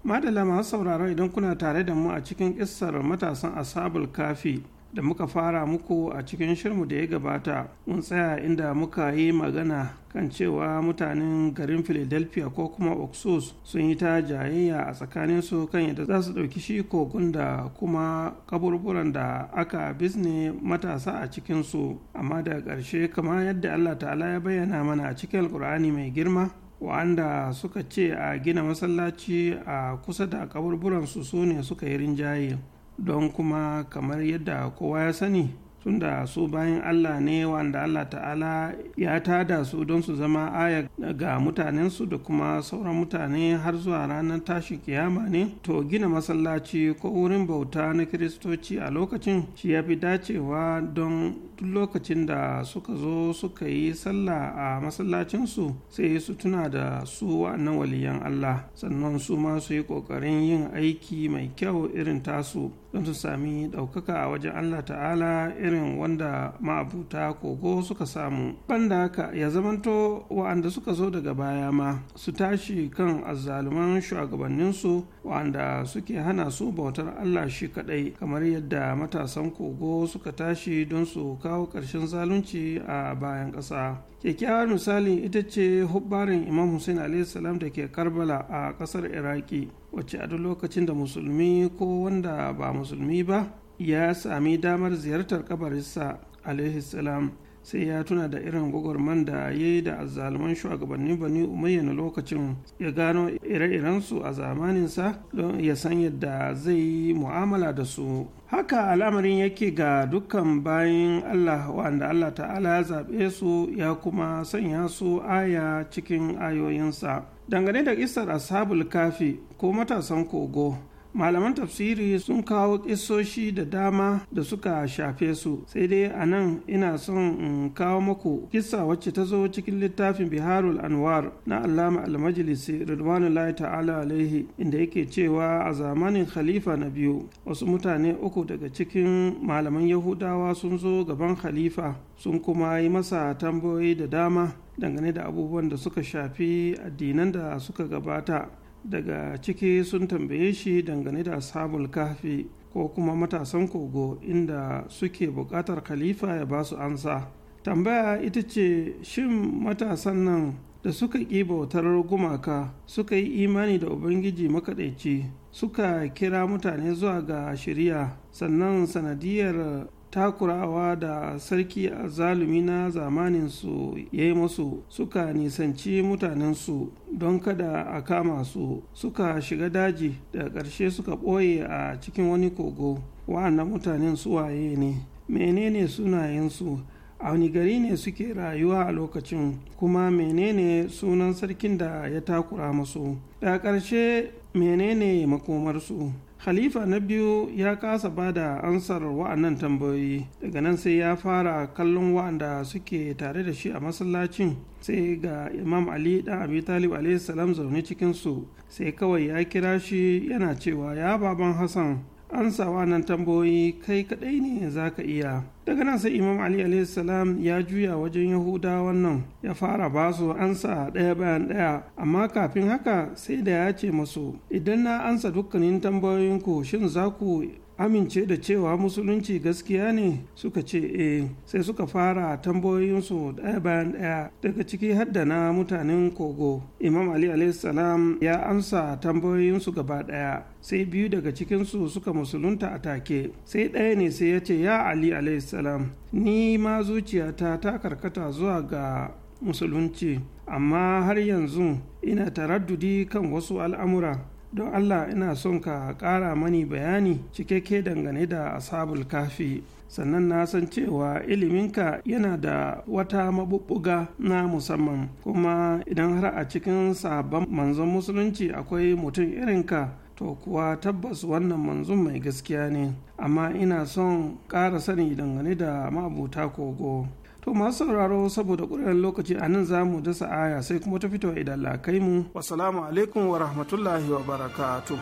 madalla masu sauraro idan kuna tare da mu a cikin ƙissar matasan asabul kafi da muka fara muku a cikin shirmu da ya gabata mun tsaya inda muka yi magana kan cewa mutanen garin philadelphia ko kuma oxus sun yi ta jayayya a tsakanin su kan yadda za su ɗauki shi kogun da kuma kaburburan da aka bizne matasa a cikinsu amma da ƙarshe kama yadda allah ta'ala ya bayyana mana a cikin alkur'ani mai girma wa'anda suka ce a gina masallaci a kusa da kaburburansu su ne suka yi rinjaye don kuma kamar yadda kowa ya sani tunda su bayan Allah ne wanda Allah ta'ala ya tada su don su zama aya ga mutanensu da kuma sauran mutane har zuwa ranar tashi kiyama ne to gina masallaci ko wurin bauta na kiristoci a lokacin shi ya fi dacewa don duk lokacin da suka zo suka yi sallah a masallacinsu sai su tuna da su wa'annan waliyan Allah sannan su ma su yi ƙoƙarin yin aiki mai kyau irin tasu don su sami ɗaukaka a wajen Allah ta'ala irin wanda ma'abuta kogo suka samu banda haka ya zamanto wa'anda suka zo daga baya ma su tashi kan azzaluman shugabanninsu wa'anda suke hana su bautar Allah shi kaɗai kamar yadda matasan kogo suka tashi don su kawo ƙarshen zalunci a bayan ƙasa kyakkyawar misali ita ce hubbarin imam hussein a.s. da ke karbala a ƙasar iraki wacce a duk lokacin da musulmi ko wanda ba musulmi ba ya sami damar ziyartar kabarinsa alaihi salam sai ya tuna da irin gwagwarman da ya yi da azzaluman shugabannin bani umayya na lokacin ya gano ire-irensu a zamaninsa don ya san yadda zai yi mu'amala da su haka al'amarin yake ga dukkan bayan allah wanda allah ta'ala ya zaɓe su ya kuma sanya su aya cikin ayoyinsa dangane da isar ashabul kafi ko matasan kogo malaman tafsiri sun kawo ƙisoshi da dama da suka shafe su sai dai a nan ina son in kawo maku kissa wacce ta zo cikin littafin biharul anwar na allama almajlisi ridwanullahi ta'ala alaihi inda yake cewa a zamanin khalifa na biyu wasu mutane uku daga cikin malaman yahudawa sun zo gaban khalifa sun kuma yi masa tambayoyi da dama dangane da abubuwan da suka shafi addinan da suka gabata daga ciki sun tambaye shi dangane da sabul kahfi ko kuma matasan kogo inda suke buƙatar khalifa ya ba su ansa tambaya ita ce shin matasan nan da suka ƙi bautar gumaka suka yi imani da ubangiji makaɗaici suka kira mutane zuwa ga shirya sannan sanadiyar takurawa da sarki a zalumi na zamaninsu ya yi masu suka nisanci mutanensu don kada a kama su suka shiga daji da ƙarshe suka ɓoye a cikin wani kogo wa'annan mutanen suwaye ne menene sunayensu a wani gari ne suke rayuwa a lokacin kuma menene sunan sarkin da ya takura masu da ƙarshe menene makomarsu khalifa na biyu ya kasa ba da ansar wa'annan tambayoyi daga nan sai ya fara kallon wa'anda suke tare da shi a masallacin sai ga imam ali dan abi talib salam zaune cikinsu sai kawai ya kira shi yana cewa ya baban hassan Ansa nan tambayoyi kai kadai ne za ka iya daga nan sai imam ali salam ya juya wajen yahuda wannan ya fara ba su ansa ɗaya bayan ɗaya amma kafin haka sai da ya ce masu idan na ansa dukkanin tambayoyinku shin za ku amince da cewa musulunci gaskiya ne suka ce e sai suka fara tambayoyinsu ɗaya bayan ɗaya daga ciki haddana mutanen kogo imam ali salam ya amsa tambayoyinsu gaba ɗaya sai biyu daga cikinsu suka musulunta a take sai ɗaya ne sai ya ce ya ali salam ni ma zuciyata ta karkata zuwa ga musulunci amma har yanzu ina taraddudi kan wasu al'amura don allah ina son ka ƙara mani bayani cikakke dangane da asabul kafi sannan na san cewa iliminka yana da wata mabubbuga na musamman kuma idan har a cikin sabon manzon musulunci akwai mutum irinka to kuwa tabbas wannan manzon mai gaskiya ne amma ina son ƙara sani dangane da mabuta kogo To masu sauraro saboda ƙuriyar lokaci a nan za mu dasa aya sai kuma ta fito idan lakai mu. Wasalamu alaikum wa rahmatullahi wa barakatu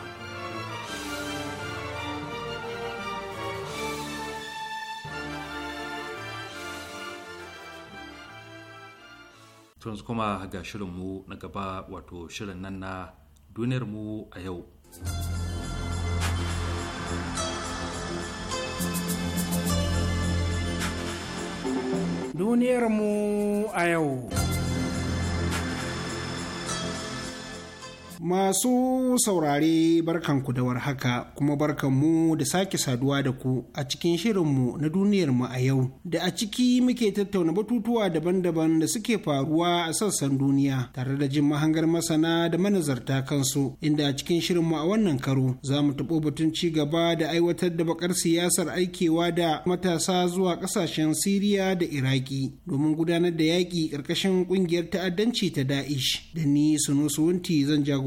yanzu kuma ga shirinmu na gaba wato shirin nan na duniyar mu a yau. duniyarmu a yau. Masu saurare barkanku da warhaka kuma barkanmu da sake saduwa da ku a cikin shirinmu na duniyarmu a yau da a ciki muke tattauna batutuwa daban-daban da suke faruwa a sassan duniya tare da jin mahangar masana da manazarta kansu inda a cikin shirinmu a wannan karo za mu taɓo batun ci gaba da aiwatar da bakar siyasar aikewa da matasa zuwa ƙasashen Siriya da Iraki domin gudanar da yaƙi ƙarƙashin ƙungiyar ta'addanci ta Da'ish da ni wunti zan jago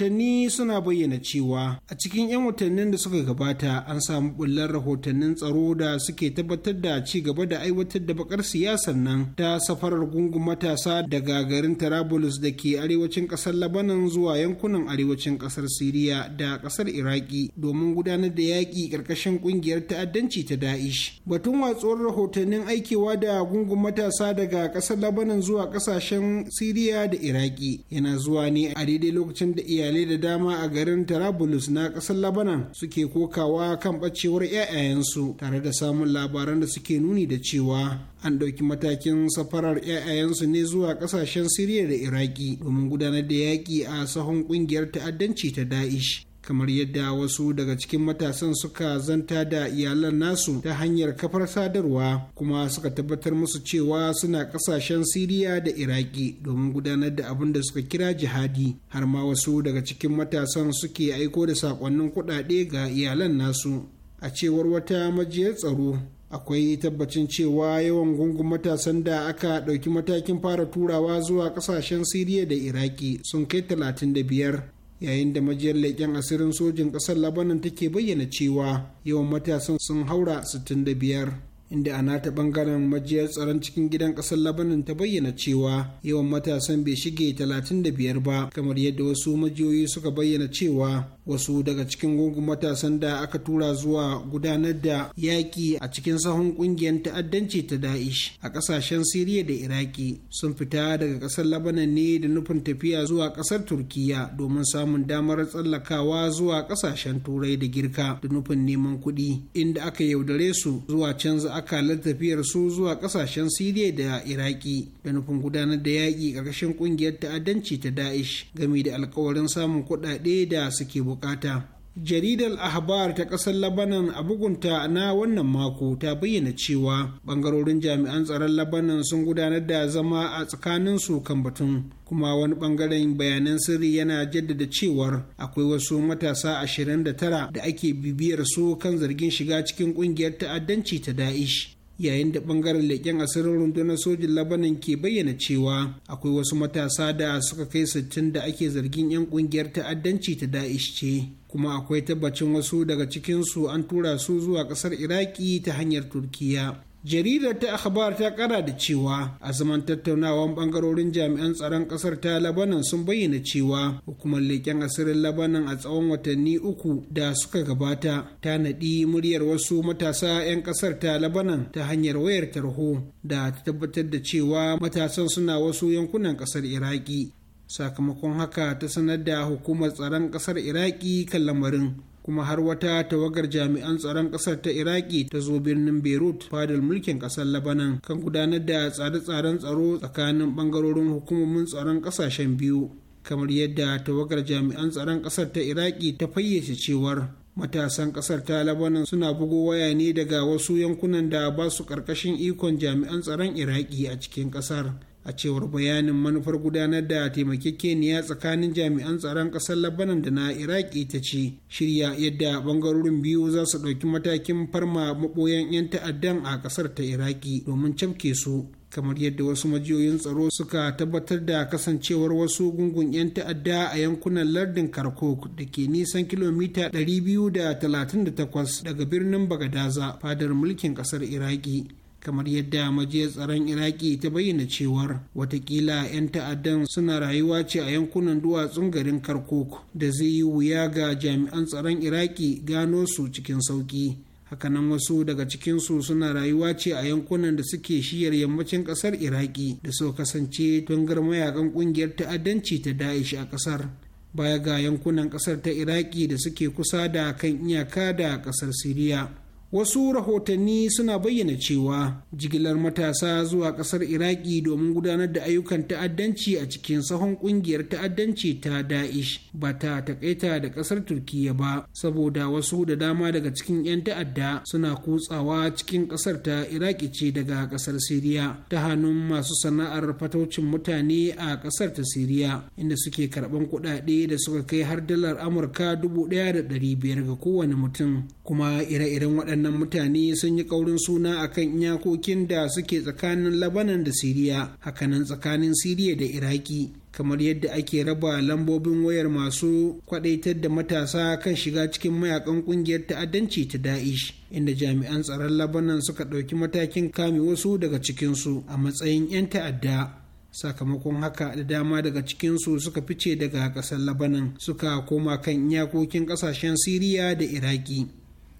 rahotanni suna bayyana cewa a cikin 'yan watannin da suka gabata an samu bullar rahotannin tsaro da suke tabbatar da ci gaba da aiwatar da bakar siyasar nan ta safarar gungun matasa daga garin Tarabulus da ke arewacin kasar Labanan zuwa yankunan arewacin kasar Siriya da kasar Iraki domin gudanar da yaƙi ƙarƙashin ƙungiyar ta'addanci ta Da'ish. Batun watsuwar rahotannin aikewa da gungun matasa daga kasar Labanan zuwa ƙasashen Siriya da Iraki yana zuwa ne a daidai lokacin da iya iyalai da dama a garin Tarabulus na ƙasar Labanan suke kokawa kan ɓacewar 'ya'yayensu tare da samun labaran da suke nuni da cewa an ɗauki matakin safarar 'ya'yayensu ne zuwa ƙasashen Siriya da Iraki domin gudanar da yaƙi a sahun ƙungiyar ta'addanci ta Da'ish. kamar yadda wasu daga cikin matasan suka zanta da iyalan nasu ta hanyar kafar sadarwa kuma suka tabbatar musu cewa suna kasashen siriya da iraki domin gudanar da abin da suka kira jihadi har ma wasu daga cikin matasan suke aiko da saƙonnin kuɗaɗe ga iyalan nasu a cewar wata majiyar tsaro akwai tabbacin cewa yawan gungun matasan da aka ɗauki matakin fara turawa zuwa ƙasashen siriya da iraki sun kai 35 yayin da majiyar leƙen asirin sojin ƙasar labanan take bayyana cewa yawan matasan sun haura 65 inda a nata ɓangaren majiyar tsaron cikin gidan ƙasar labanan ta bayyana cewa yawan matasan bai shige 35 ba kamar yadda wasu majiyoyi suka bayyana cewa wasu daga cikin gungun matasan da aka tura zuwa gudanar da yaƙi a cikin sahun ƙungiyar ta'addanci ta da'ish a ƙasashen siriya da iraki sun fita daga ƙasar labanan ne da nufin tafiya zuwa ƙasar turkiya domin samun damar tsallakawa zuwa ƙasashen turai da girka da nufin neman kuɗi inda aka yaudare su zuwa canza akalar tafiyar su zuwa ƙasashen siriya da iraki da nufin gudanar da yaƙi ƙarƙashin ƙungiyar ta'addanci ta da'ish game da alkawarin samun kuɗaɗe da suke bukata jaridar ahbar ta kasar labanan a bugunta na wannan mako ta bayyana cewa bangarorin jami'an tsaron labanan sun gudanar da zama a tsakanin su kan batun kuma wani bangaren bayanan sirri yana jaddada cewar akwai wasu matasa 29 da ake bibiyar su kan zargin shiga cikin ƙungiyar ta'addanci ta da'ish yayin da bangaren leƙen asirin rundunar sojin labanan ke bayyana cewa akwai wasu matasa da suka kai sittin da ake zargin 'yan ƙungiyar ta'addanci ta da'ish ce kuma akwai tabbacin wasu daga cikinsu an tura su zuwa ƙasar iraki ta hanyar turkiya jaridar ta akhbar ta kara da cewa a zaman tattaunawan bangarorin jami'an tsaron kasar ta labanan sun bayyana cewa hukumar leƙen asirin labanan a tsawon watanni uku da suka gabata ta naɗi muryar wasu matasa 'yan kasar ta labanan ta hanyar wayar tarho da ta tabbatar da cewa matasan suna wasu yankunan kasar iraki sakamakon haka ta sanar da hukumar tsaron kasar iraki kan lamarin kuma har wata tawagar jami'an tsaron ƙasar ta iraki ta zo birnin beirut fadar mulkin ƙasar labanan kan gudanar da tsare-tsaren tsaro tsakanin ɓangarorin hukumomin tsaron ƙasashen biyu kamar yadda tawagar jami'an tsaron ƙasar ta iraki ta fayyace cewar matasan kasar ta labanan suna bugo waya ne daga wasu yankunan da ba su karkashin ikon jami'an tsaron iraki a cikin ƙasar. a cewar bayanin manufar gudanar da taimakekeniya tsakanin jami'an tsaron ƙasar labanan da na iraki ta ce shirya yadda bangarorin biyu za su ɗauki matakin farma maɓoyan 'yan ta'addan a ƙasar ta iraki domin camke su kamar yadda wasu majiyoyin tsaro suka tabbatar da kasancewar wasu gungun 'yan ta'adda a yankunan lardin karkuk da ke nisan kilomita 238 daga birnin bagadaza fadar mulkin kasar iraki kamar yadda majiyar tsaron iraki ta bayyana cewar watakila 'yan ta'addan suna rayuwa ce a yankunan duwatsun garin karkuk da zai yi wuya ga jami'an tsaron iraki gano su cikin sauki hakanan wasu daga cikinsu suna rayuwa ce a yankunan da suke shiyar yammacin kasar iraki da suka kasance tun mayakan kungiyar ta'addanci ta da'ish a kasar baya ga yankunan kasar ta iraki da suke kusa da kan iyaka da kasar siriya wasu rahotanni suna bayyana cewa jigilar matasa zuwa kasar iraki domin gudanar da ayyukan ta'addanci a cikin sahon kungiyar ta'addanci ta da'ish ba ta takaita da kasar Turkiyya ba saboda wasu da dama daga cikin 'yan ta'adda suna kutsawa cikin kasar ta iraki ce daga kasar siriya ta hannun masu sana'ar fataucin mutane a kasar ta siriya inda suke karban kuɗaɗe da suka kai har dalar amurka 1,500 ga kowane mutum kuma ire-iren waɗannan waɗannan mutane sun yi ƙaurin suna a kan iyakokin da suke tsakanin labanan da siriya hakanan tsakanin siriya da iraki kamar yadda ake raba lambobin wayar masu kwadaitar da matasa kan shiga cikin mayakan kungiyar ta'addanci ta da'ish inda jami'an tsaron labanan suka ɗauki matakin kame wasu daga cikinsu a matsayin 'yan ta'adda sakamakon haka da dama daga cikinsu suka fice daga ƙasar labanan suka koma kan iyakokin ƙasashen siriya da iraki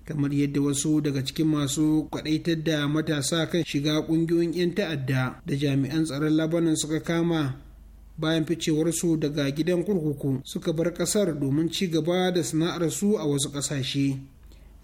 kamar yadda wasu daga cikin masu kwadaitar da matasa kan shiga kungiyoyin 'yan ta'adda da jami'an tsaron labanan suka kama bayan ficewarsu daga gidan kurkuku suka bar kasar domin ci gaba da sana'arsu a wasu ƙasashe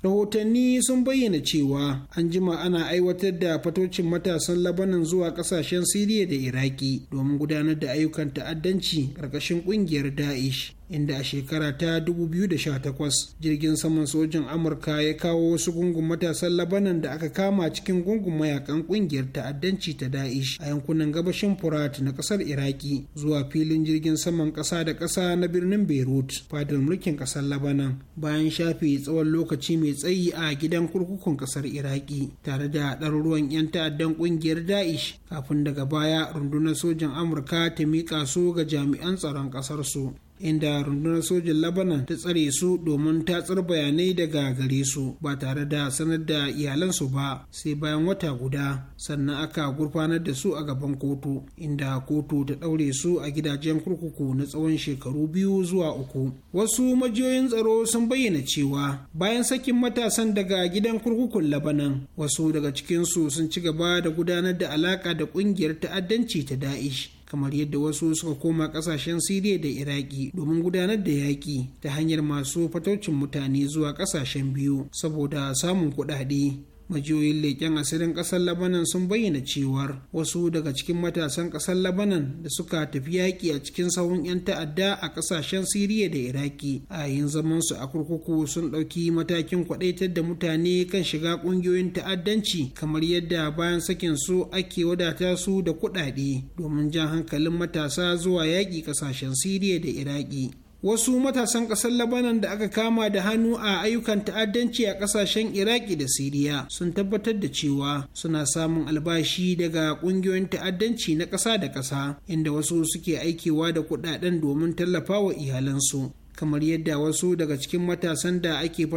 rahotanni sun bayyana cewa an jima ana aiwatar da fatocin matasan labanan zuwa kasashen siriya da iraki domin gudanar da ayyukan ta'addanci ƙarƙashin ƙungiyar da'ish inda a shekara ta 2018 jirgin saman sojin amurka ya kawo wasu gungun matasan labanan da aka kama cikin gungun mayakan kungiyar ta'addanci ta da'ish a yankunan gabashin furat na kasar iraki zuwa filin jirgin saman kasa da kasa na birnin beirut fadar mulkin kasar labanan bayan shafe tsawon lokaci mai tsayi a gidan kurkukun kasar iraki tare da ɗaruruwan 'yan ta'addan kungiyar da'ish kafin daga baya rundunar sojin amurka ta miƙa su ga jami'an tsaron ƙasar su inda rundunar sojin labanan ta tsare su domin tatsar bayanai daga gare su ba tare da sanar da iyalansu ba sai bayan wata guda sannan aka gurfanar da su a gaban kotu inda kotu ta ɗaure su a gidajen kurkuku na tsawon shekaru biyu zuwa uku wasu majiyoyin tsaro sun bayyana cewa bayan sakin matasan daga gidan kurkukun labanan wasu daga cikinsu sun ci gaba da gudanar da alaka da ƙungiyar ta'addanci ta da'ish kamar yadda wasu suka koma kasashen siriya da iraki domin gudanar da yaƙi ta hanyar masu fatocin mutane zuwa kasashen biyu saboda samun kuɗaɗe majiyoyin leƙen asirin ƙasar labanan sun bayyana cewar wasu daga cikin matasan ƙasar labanan da suka tafi yaƙi a cikin sahun 'yan ta'adda a ƙasashen siriya da iraki a yayin zaman su a kurkuku sun ɗauki matakin kwaɗaitar da mutane kan shiga ƙungiyoyin ta'addanci kamar yadda bayan sakin su ake wadata su da kuɗaɗe domin jan hankalin matasa zuwa yaƙi ƙasashen siriya da iraki wasu matasan ƙasar labanan da aka kama da hannu a ayyukan ta'addanci a ƙasashen iraki da siriya sun tabbatar da cewa suna samun albashi daga ƙungiyoyin ta'addanci na ƙasa da ƙasa inda wasu suke aikewa da kuɗaɗen domin tallafa wa iyalansu kamar yadda wasu daga cikin matasan da ake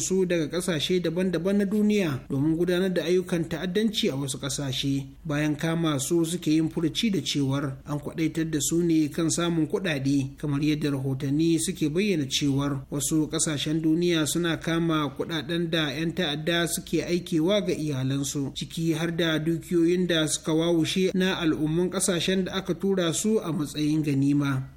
su daga kasashe daban-daban na duniya domin gudanar da ayyukan ta'addanci a wasu kasashe bayan kama su suke yin furuci da cewar an kwadaitar da su ne kan samun kuɗaɗe kamar yadda rahotanni suke bayyana cewar wasu kasashen duniya suna kama kuɗaɗen da 'yan ta'adda suke aikewa ga iyalansu ciki har da dukiyoyin da suka wawushe na al'umman kasashen da aka tura su a matsayin ganima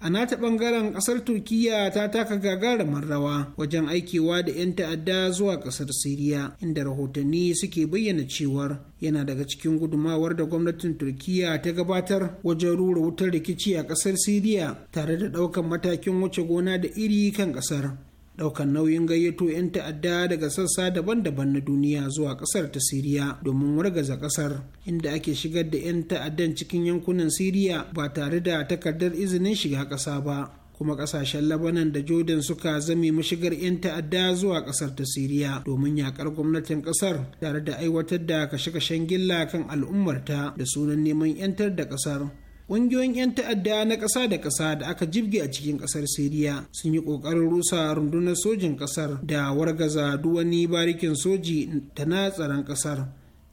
a nata bangaren kasar turkiya ta taka gagarumin rawa wajen aikewa da 'yan ta'adda zuwa kasar siriya inda rahotanni suke bayyana cewar yana daga cikin gudumawar da gwamnatin turkiya ta gabatar wajen rura wutar rikici a kasar siriya tare da ɗaukan matakin wuce gona da iri kan kasar daukan nauyin gayyato 'yan ta'adda daga sassa daban-daban na duniya zuwa kasar ta siriya domin wargaza kasar inda ake shigar da 'yan ta'addan cikin yankunan siriya ba tare da takardar izinin shiga kasa ba kuma kasashen labanan da jordan suka zame mashigar 'yan ta'adda zuwa kasar ta siriya domin yakar gwamnatin kasar tare da aiwatar da kashe-kashen gilla kan al'ummarta da sunan neman 'yantar da kasar ƙungiyoyin 'yan ta'adda na ƙasa da ƙasa da aka jibge a cikin ƙasar siriya sun yi ƙoƙarin rusa rundunar sojin ƙasar da wargaza duwani barikin soji tana na tsaron ƙasar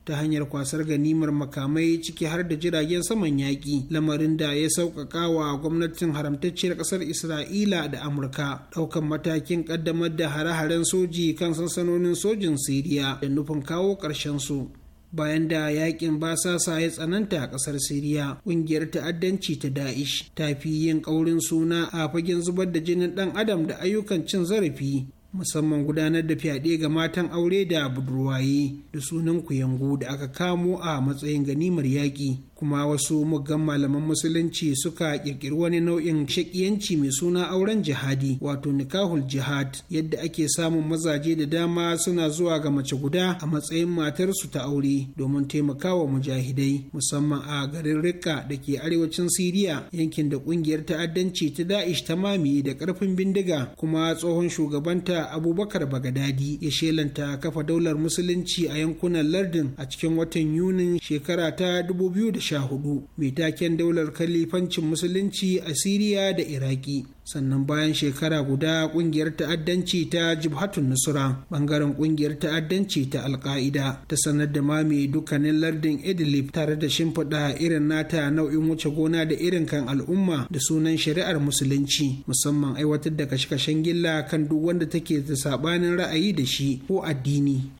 ta hanyar kwasar ganimar makamai ciki har da jiragen saman yaƙi lamarin da ya sauƙaƙa wa gwamnatin haramtacciyar ƙasar isra'ila da amurka ɗaukan matakin ƙaddamar da hare-haren soji kan sansanonin sojin siriya da nufin kawo ƙarshen su bayan da yakin basasa ya tsananta a kasar siriya kungiyar ta'addanci ta da'ish ta fi yin ƙaurin suna a fagen zubar da jinin ɗan adam da ayyukan cin zarafi musamman gudanar da fyaɗe ga matan aure da budurwaye da sunan kuyangu da aka kamo a matsayin ganimar yaƙi kuma wasu muggan malaman musulunci suka kirkiri wani nau'in shakiyanci mai suna auren jihadi wato nikahul jihad yadda ake samun mazaje da dama suna zuwa ga mace guda a matsayin matarsu ta aure domin taimakawa mujahidai musamman a garin rikka da ke arewacin siriya yankin da kungiyar ta'addanci ta da'ish ta mamaye da karfin bindiga kuma tsohon shugabanta abubakar bagadadi ya shelanta kafa daular musulunci a yankunan lardin a cikin watan yunin shekara ta 2019 2014 mai taken daular kalifancin musulunci a siriya da iraki sannan bayan shekara guda kungiyar ta'addanci ta jibhatun nusra bangaren kungiyar ta'addanci ta alka'ida ta sanar da mai dukkanin lardin idlib tare da shimfiɗa irin nata nau'in wuce gona da irin kan al'umma da sunan shari'ar musulunci musamman aiwatar da kashe-kashen gilla kan duk wanda take da saɓanin ra'ayi da shi ko addini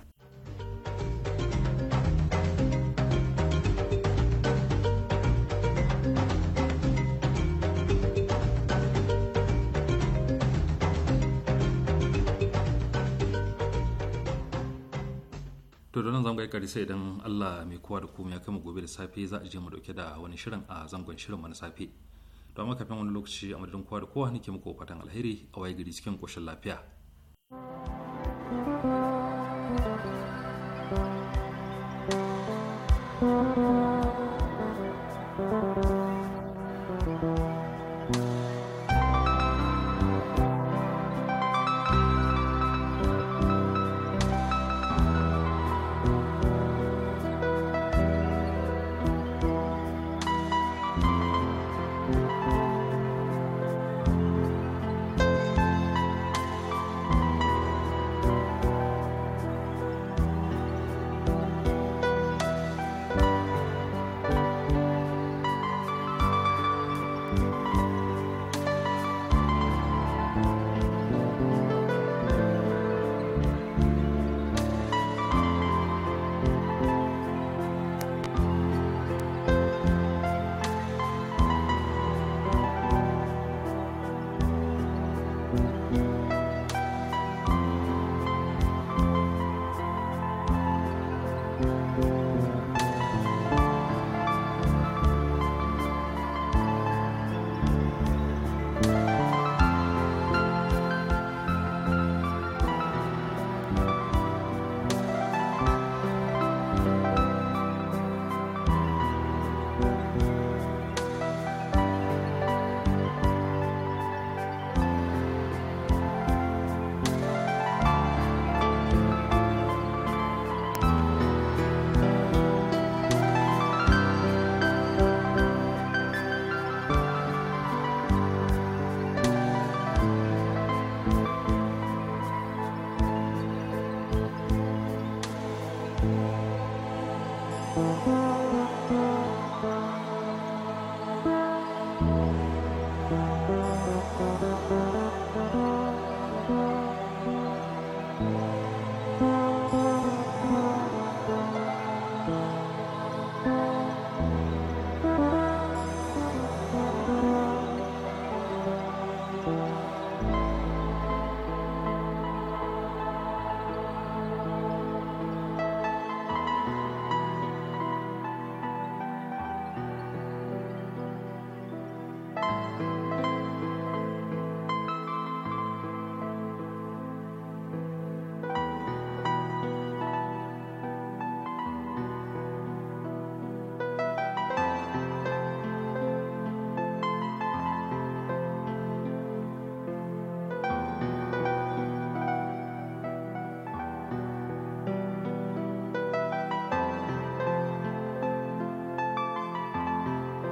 kare sai idan Allah mai kowa da komai ya mu gobe da safe za a je mu dauke da wani shirin a zangon shirin wani safe. To amma kafin wani lokaci a madadin kowa da kowa nake muku fatan alheri a waye gari cikin koshin lafiya. thank you